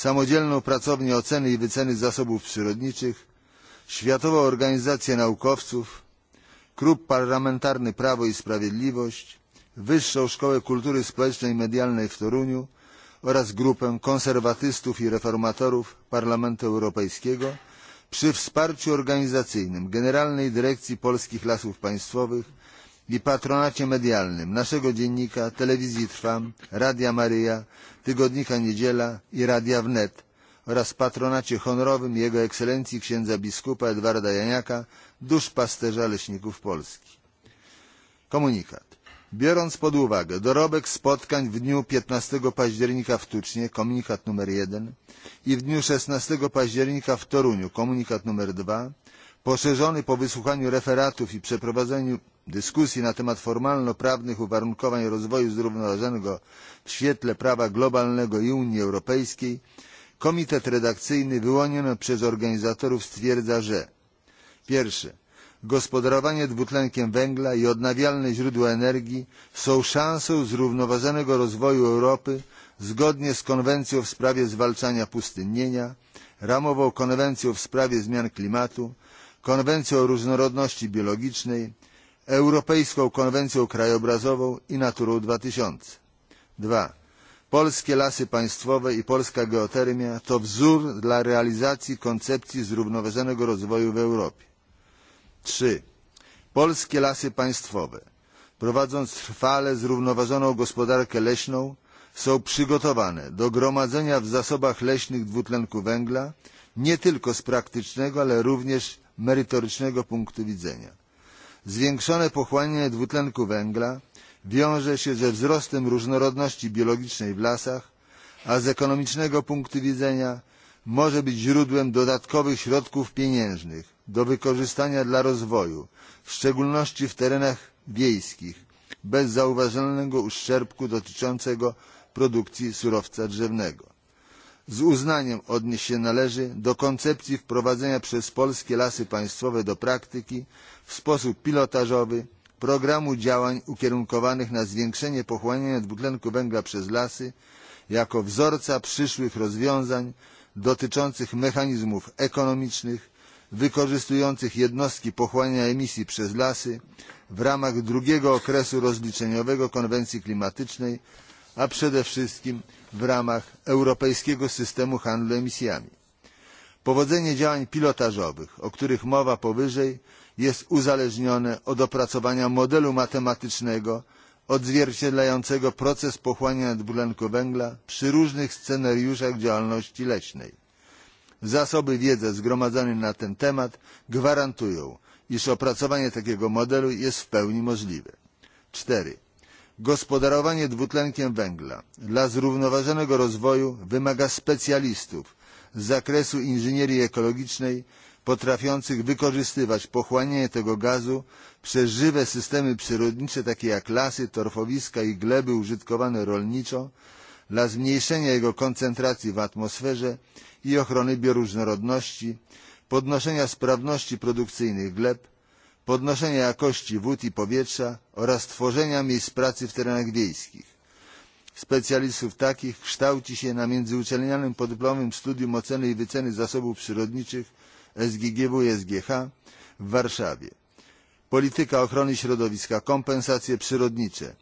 samodzielną pracownię oceny i wyceny zasobów przyrodniczych światową organizację naukowców klub parlamentarny prawo i sprawiedliwość wyższą szkołę kultury społecznej i medialnej w toruniu oraz grupę konserwatystów i reformatorów parlamentu europejskiego przy wsparciu organizacyjnym generalnej dyrekcji polskich lasów państwowych i patronacie medialnym naszego dziennika telewizji trwam radia maryja tygodnika Niedziela i Radia Wnet oraz patronacie honorowym Jego Ekscelencji księdza biskupa Edwarda Janiaka, duszpasterza leśników Polski. Komunikat. Biorąc pod uwagę dorobek spotkań w dniu 15 października w Tucznie, komunikat numer 1 i w dniu 16 października w Toruniu, komunikat numer 2, poszerzony po wysłuchaniu referatów i przeprowadzeniu dyskusji na temat formalno prawnych uwarunkowań rozwoju zrównoważonego w świetle prawa globalnego i unii europejskiej komitet redakcyjny wyłoniony przez organizatorów stwierdza że pierwsze gospodarowanie dwutlenkiem węgla i odnawialne źródła energii są szansą zrównoważonego rozwoju europy zgodnie z konwencją w sprawie zwalczania pustynnienia ramową konwencją w sprawie zmian klimatu konwencją o różnorodności biologicznej europejską konwencją krajobrazową i naturą. dwa tysiące dwa polskie lasy państwowe i polska geotermia to wzór dla realizacji koncepcji zrównoważonego rozwoju w europie. trzy polskie lasy państwowe prowadząc trwale zrównoważoną gospodarkę leśną są przygotowane do gromadzenia w zasobach leśnych dwutlenku węgla nie tylko z praktycznego ale również merytorycznego punktu widzenia. Zwiększone pochłanianie dwutlenku węgla wiąże się ze wzrostem różnorodności biologicznej w lasach, a z ekonomicznego punktu widzenia może być źródłem dodatkowych środków pieniężnych do wykorzystania dla rozwoju, w szczególności w terenach wiejskich, bez zauważalnego uszczerbku dotyczącego produkcji surowca drzewnego z uznaniem odnieść się należy do koncepcji wprowadzenia przez polskie lasy państwowe do praktyki w sposób pilotażowy programu działań ukierunkowanych na zwiększenie pochłaniania dwutlenku węgla przez lasy jako wzorca przyszłych rozwiązań dotyczących mechanizmów ekonomicznych wykorzystujących jednostki pochłaniania emisji przez lasy w ramach drugiego okresu rozliczeniowego konwencji klimatycznej a przede wszystkim w ramach europejskiego systemu handlu emisjami. Powodzenie działań pilotażowych, o których mowa powyżej, jest uzależnione od opracowania modelu matematycznego odzwierciedlającego proces pochłaniania dwutlenku węgla przy różnych scenariuszach działalności leśnej. Zasoby wiedzy zgromadzone na ten temat gwarantują, iż opracowanie takiego modelu jest w pełni możliwe. 4 Gospodarowanie dwutlenkiem węgla dla zrównoważonego rozwoju wymaga specjalistów z zakresu inżynierii ekologicznej potrafiących wykorzystywać pochłanianie tego gazu przez żywe systemy przyrodnicze takie jak lasy, torfowiska i gleby użytkowane rolniczo dla zmniejszenia jego koncentracji w atmosferze i ochrony bioróżnorodności, podnoszenia sprawności produkcyjnych gleb, podnoszenia jakości wód i powietrza oraz tworzenia miejsc pracy w terenach wiejskich. Specjalistów takich kształci się na międzyuczelnianym podyplomowym studium oceny i wyceny zasobów przyrodniczych SGGW i SGH w Warszawie. Polityka ochrony środowiska, kompensacje przyrodnicze,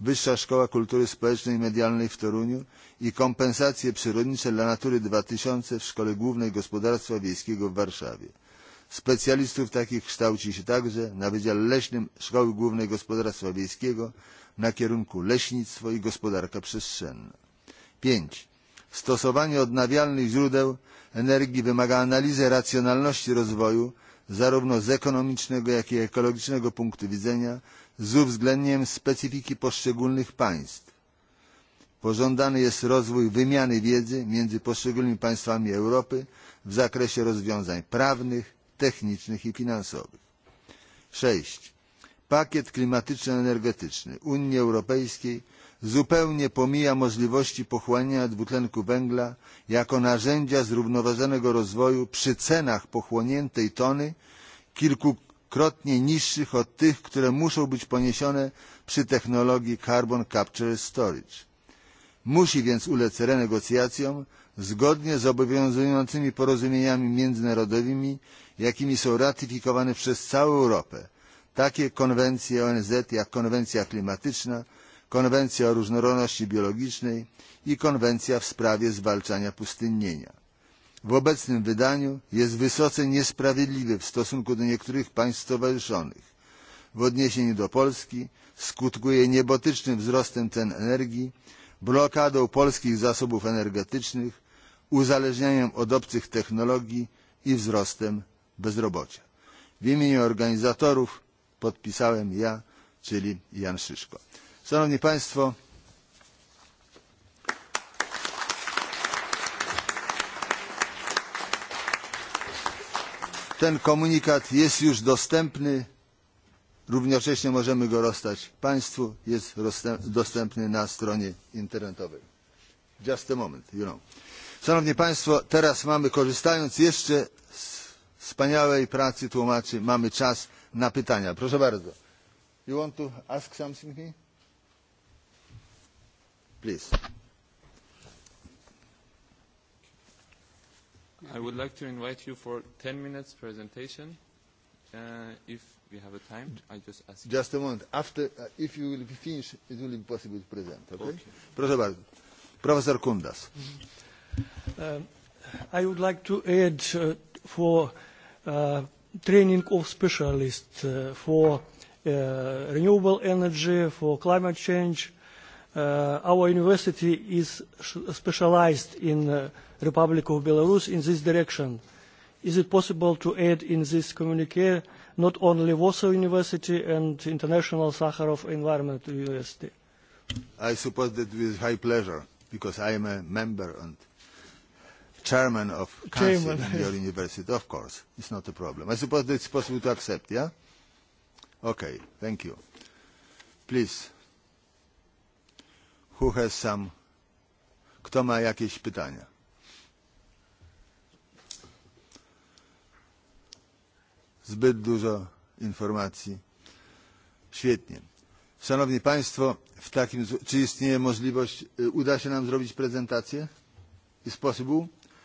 Wyższa Szkoła Kultury Społecznej i Medialnej w Toruniu i kompensacje przyrodnicze dla Natury 2000 w Szkole Głównej Gospodarstwa Wiejskiego w Warszawie. Specjalistów takich kształci się także na Wydziale Leśnym Szkoły Głównej Gospodarstwa Wiejskiego na kierunku leśnictwo i gospodarka przestrzenna. 5. Stosowanie odnawialnych źródeł energii wymaga analizy racjonalności rozwoju zarówno z ekonomicznego, jak i ekologicznego punktu widzenia z uwzględnieniem specyfiki poszczególnych państw. Pożądany jest rozwój wymiany wiedzy między poszczególnymi państwami Europy w zakresie rozwiązań prawnych, technicznych i finansowych. sześć pakiet klimatyczno energetyczny unii europejskiej zupełnie pomija możliwości pochłaniania dwutlenku węgla jako narzędzia zrównoważonego rozwoju przy cenach pochłoniętej tony kilkukrotnie niższych od tych które muszą być poniesione przy technologii carbon capture storage. musi więc ulec renegocjacjom zgodnie z obowiązującymi porozumieniami międzynarodowymi jakimi są ratyfikowane przez całą Europę takie konwencje ONZ jak konwencja klimatyczna, konwencja o różnorodności biologicznej i konwencja w sprawie zwalczania pustynnienia. W obecnym wydaniu jest wysoce niesprawiedliwy w stosunku do niektórych państw stowarzyszonych. W odniesieniu do Polski skutkuje niebotycznym wzrostem cen energii, blokadą polskich zasobów energetycznych, uzależnianiem od obcych technologii i wzrostem bezrobocia. W imieniu organizatorów podpisałem ja, czyli Jan Szyszko. Szanowni Państwo, ten komunikat jest już dostępny równocześnie możemy go rozstać państwu jest dostępny na stronie internetowej. just a moment you know. szanowni państwo teraz mamy korzystając jeszcze wspaniałej pracy tłumaczy. Mamy czas na pytania. Proszę bardzo. You want to ask something here? Please. I would like to invite you for 10 minutes presentation. Uh, if we have a time, I just ask. Just a moment. After, uh, if you will be finished, it will be possible to present. Okay. okay. Proszę bardzo. Professor Kundas. Mm -hmm. uh, I would like to add uh, for training э, of specialists uh, for uh, renewable energy, for climate change. Uh, our university is specialized in the uh, Republic of Belarus in this direction. Is it possible to add in this communique not only Warsaw University and International Sakharov Environment University? I suppose that with high pleasure, because I am a member and chairman of council chairman. in your university, of course. It's not a problem. I suppose that it's possible to accept, yeah? Okay, thank you. Please, who has some, kto ma jakieś pytania? Zbyt dużo informacji. Świetnie. Szanowni Państwo, w takim, czy istnieje możliwość, uda się nam zrobić prezentację? Is possible?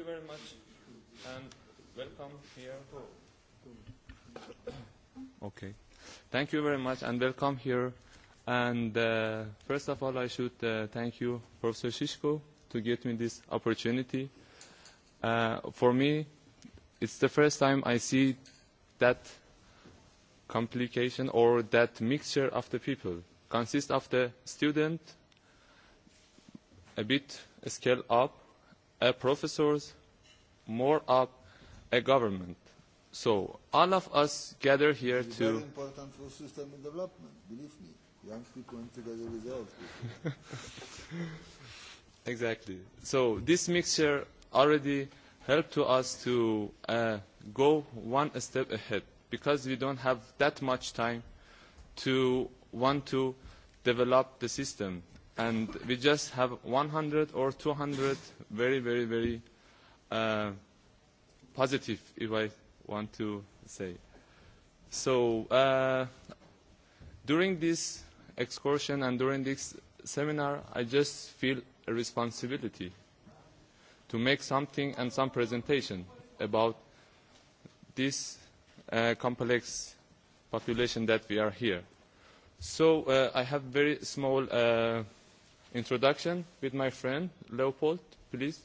you very much and welcome here. Okay. Thank you very much and welcome here. And uh, first of all, I should uh, thank you, Professor Shishko, to give me this opportunity. Uh, for me, it's the first time I see that complication or that mixture of the people consists of the student a bit scaled up a professors, more up a government. So all of us gather here it is to... very important for system development, believe me. Young people want to gather with old people. exactly. So this mixture already helped to us to uh, go one step ahead because we don't have that much time to want to develop the system and we just have 100 or 200 very, very, very uh, positive, if I want to say. So uh, during this excursion and during this seminar, I just feel a responsibility to make something and some presentation about this uh, complex population that we are here. So uh, I have very small uh, introduction with my friend Leopold, please.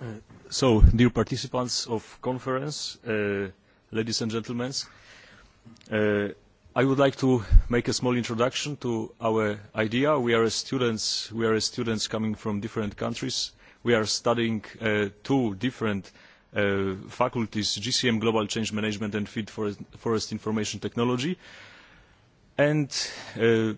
Uh, so, dear participants of conference, uh, ladies and gentlemen, uh, I would like to make a small introduction to our idea. We are students. We are students coming from different countries. We are studying uh, two different uh, faculties: GCM Global Change Management and Feed Forest, Forest Information Technology. And uh,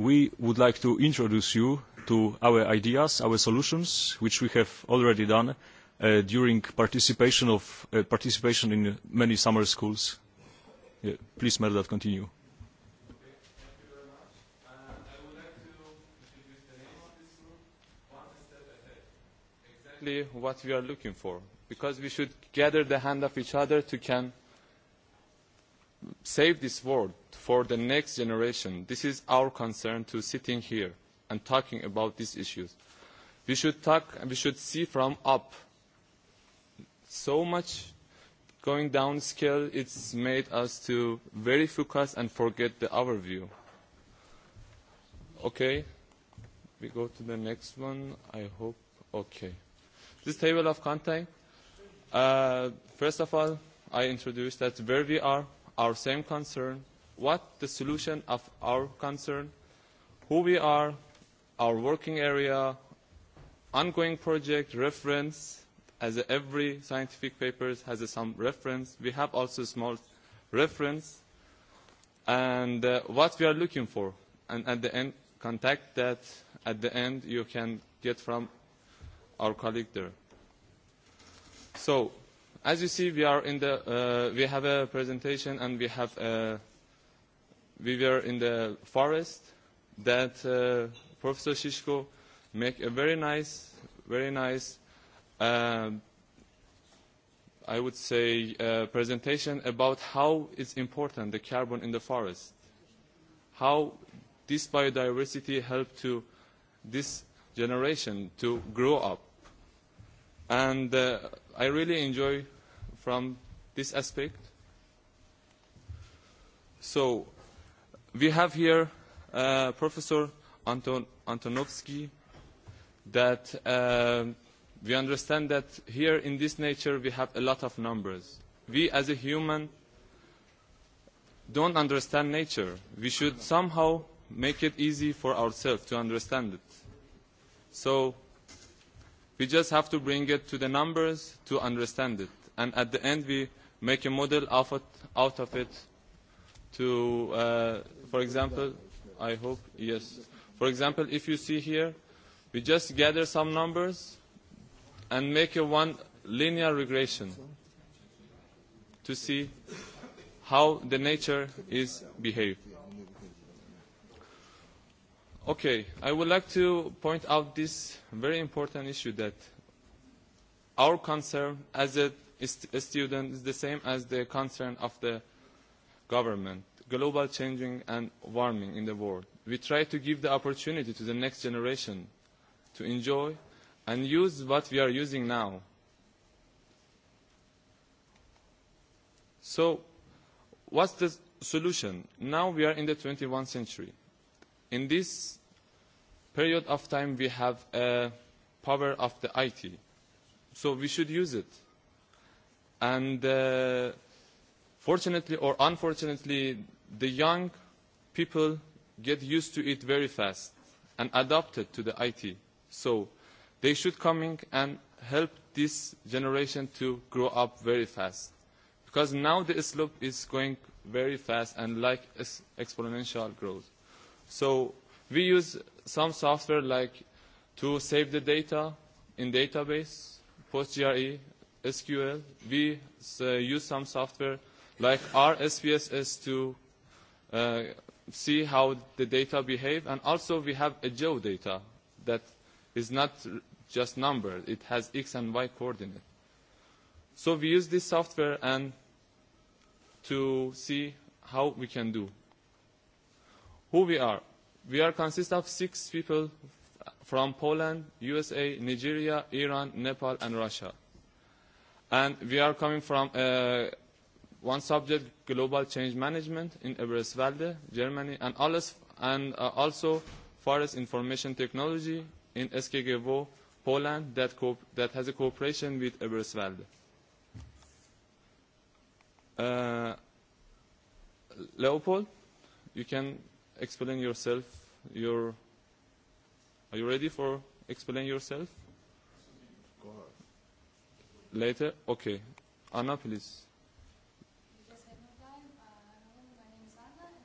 we would like to introduce you to our ideas, our solutions, which we have already done uh, during participation, of, uh, participation in many summer schools. Yeah, please, Merdat, continue. Exactly what we are looking for because we should gather the hand of each other to can save this world for the next generation. This is our concern to sitting here and talking about these issues. We should talk and we should see from up. So much going down scale, it's made us to very focus and forget the overview. Okay, we go to the next one. I hope, okay. This table of content, uh, first of all, I introduced that where we are, our same concern, what the solution of our concern, who we are, our working area, ongoing project, reference, as every scientific paper has some reference. We have also small reference and uh, what we are looking for. And at the end, contact that at the end you can get from our colleague there. So As you see, we are in the uh, we have a presentation and we have a, we were in the forest that uh, Professor Shishko make a very nice, very nice, uh, I would say, a uh, presentation about how it's important the carbon in the forest, how this biodiversity helped to this generation to grow up, and. Uh, I really enjoy from this aspect. So we have here uh, Professor Anton Antonovsky that uh, we understand that here in this nature we have a lot of numbers. We as a human don't understand nature. We should somehow make it easy for ourselves to understand it. So we just have to bring it to the numbers to understand it and at the end we make a model out of it to uh, for example i hope yes for example if you see here we just gather some numbers and make a one linear regression to see how the nature is behaved Okay, I would like to point out this very important issue that our concern as a, a student is the same as the concern of the government, global changing and warming in the world. We try to give the opportunity to the next generation to enjoy and use what we are using now. So what's the solution? Now we are in the 21st century. In this period of time we have a uh, power of the IT. So we should use it. And uh, fortunately or unfortunately, the young people get used to it very fast and adapted to the IT. So they should come in and help this generation to grow up very fast. Because now the slope is going very fast and like exponential growth. So We use some software like to save the data in database, PostGRE, SQL. We uh, use some software like R SPSS to uh, see how the data behave. And also we have a geodata that is not just number. It has X and Y coordinate. So we use this software and to see how we can do. Who we are We are consist of six people from Poland, USA, Nigeria, Iran, Nepal, and Russia. And we are coming from uh, one subject, global change management in Eberswalde, Germany, and, alles, and uh, also forest information technology in SKGVO, Poland, that, co that has a cooperation with Eberswalde. Uh, Leopold, you can explain yourself your are you ready for explain yourself later okay anna please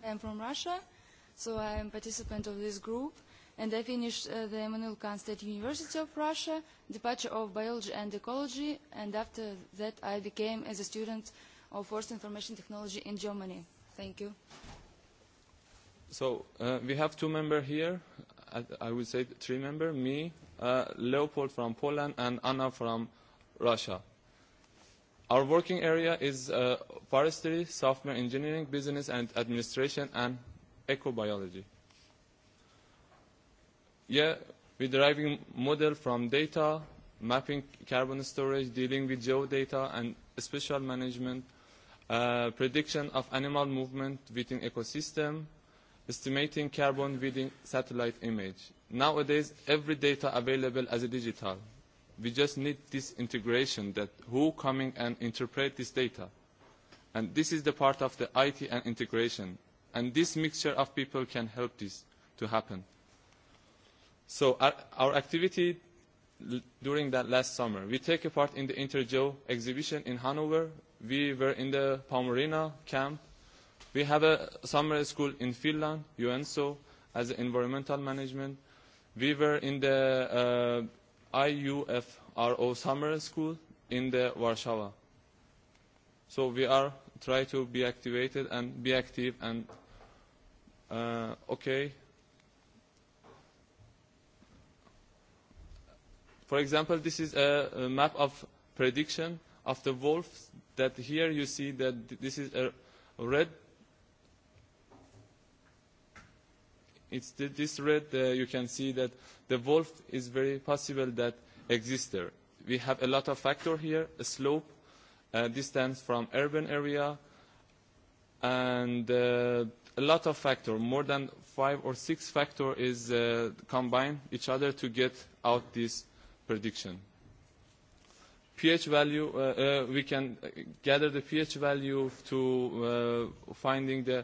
I'm from Russia, so I am participant of this group, and I finished uh, the Emanuel Kant State University of Russia, departure of biology and ecology, and after that I became as a student of forced information technology in Germany. Thank you. So uh, we have two members here. I, I would say three members, me, uh, Leopold from Poland, and Anna from Russia. Our working area is uh, forestry, software engineering, business and administration, and ecobiology. Yeah, we're deriving model from data, mapping carbon storage, dealing with geodata and spatial management, uh, prediction of animal movement within ecosystem, estimating carbon within satellite image. Nowadays, every data available as a digital. We just need this integration that who coming and interpret this data. And this is the part of the IT and integration. And this mixture of people can help this to happen. So our, our activity during that last summer, we take a part in the InterGeo exhibition in Hanover. We were in the Palmarina camp We have a summer school in Finland, UNSO, as environmental management. We were in the uh, IUFRO summer school in the Warsaw. So we are try to be activated and be active and uh, okay. For example, this is a, a map of prediction of the wolves that here you see that this is a red It's the, this red, uh, you can see that the wolf is very possible that exists there. We have a lot of factor here, a slope, uh, distance from urban area, and uh, a lot of factor, more than five or six factor is uh, combined each other to get out this prediction. pH value, uh, uh, we can gather the pH value to uh, finding the uh,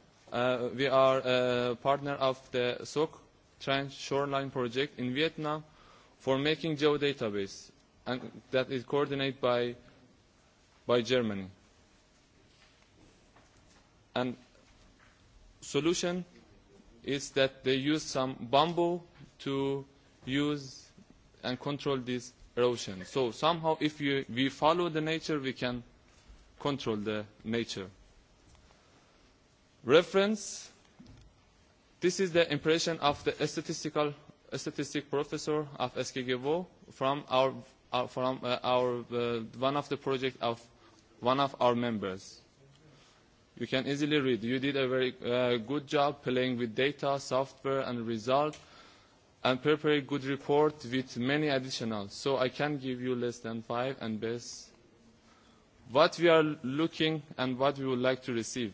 Uh, we are a uh, partner of the Sok Trench Shoreline Project in Vietnam for making geodatabase, and that is coordinated by, by Germany. And solution is that they use some bamboo to use and control this erosion. So somehow if you, we follow the nature, we can control the nature reference this is the impression of the statistical statistic professor of SKGVO from our, uh, from uh, our uh, one of the project of one of our members you can easily read you did a very uh, good job playing with data software and result and prepare a good report with many additional. so i can give you less than five and best what we are looking and what we would like to receive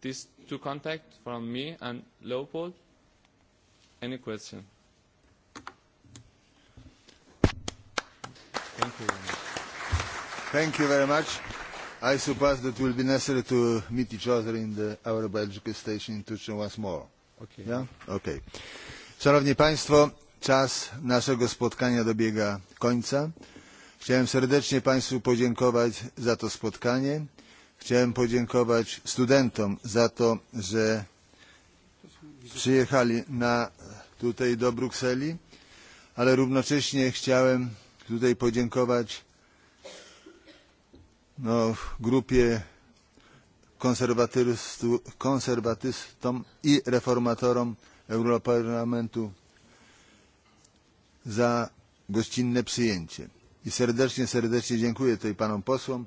these two contacts from me and Leopold. Any question? Thank you very much. Thank you very much. I suppose that will be necessary to meet each other in the, our biological station in Tucson once more. Okay. Yeah? Okay. Szanowni Państwo, czas naszego spotkania dobiega końca. Chciałem serdecznie Państwu podziękować za to spotkanie Chciałem podziękować studentom za to, że przyjechali na, tutaj do Brukseli, ale równocześnie chciałem tutaj podziękować no, grupie konserwatystom i reformatorom Europarlamentu za gościnne przyjęcie. I serdecznie, serdecznie dziękuję tutaj panom posłom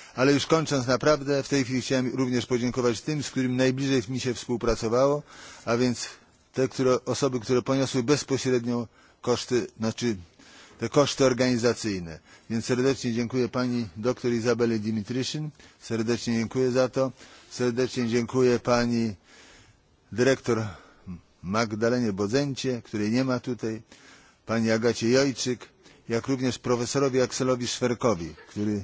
ale już kończąc naprawdę w tej chwili chciałem również podziękować tym z którymi najbliżej mi się współpracowało a więc te które, osoby które poniosły bezpośrednio koszty znaczy te koszty organizacyjne. Więc serdecznie dziękuję pani dr Izabeli Dimitryszyn, serdecznie dziękuję za to, serdecznie dziękuję pani dyrektor Magdalenie Bodzencie, której nie ma tutaj, pani Agacie Jojczyk, jak również profesorowi Akselowi Szwerkowi, który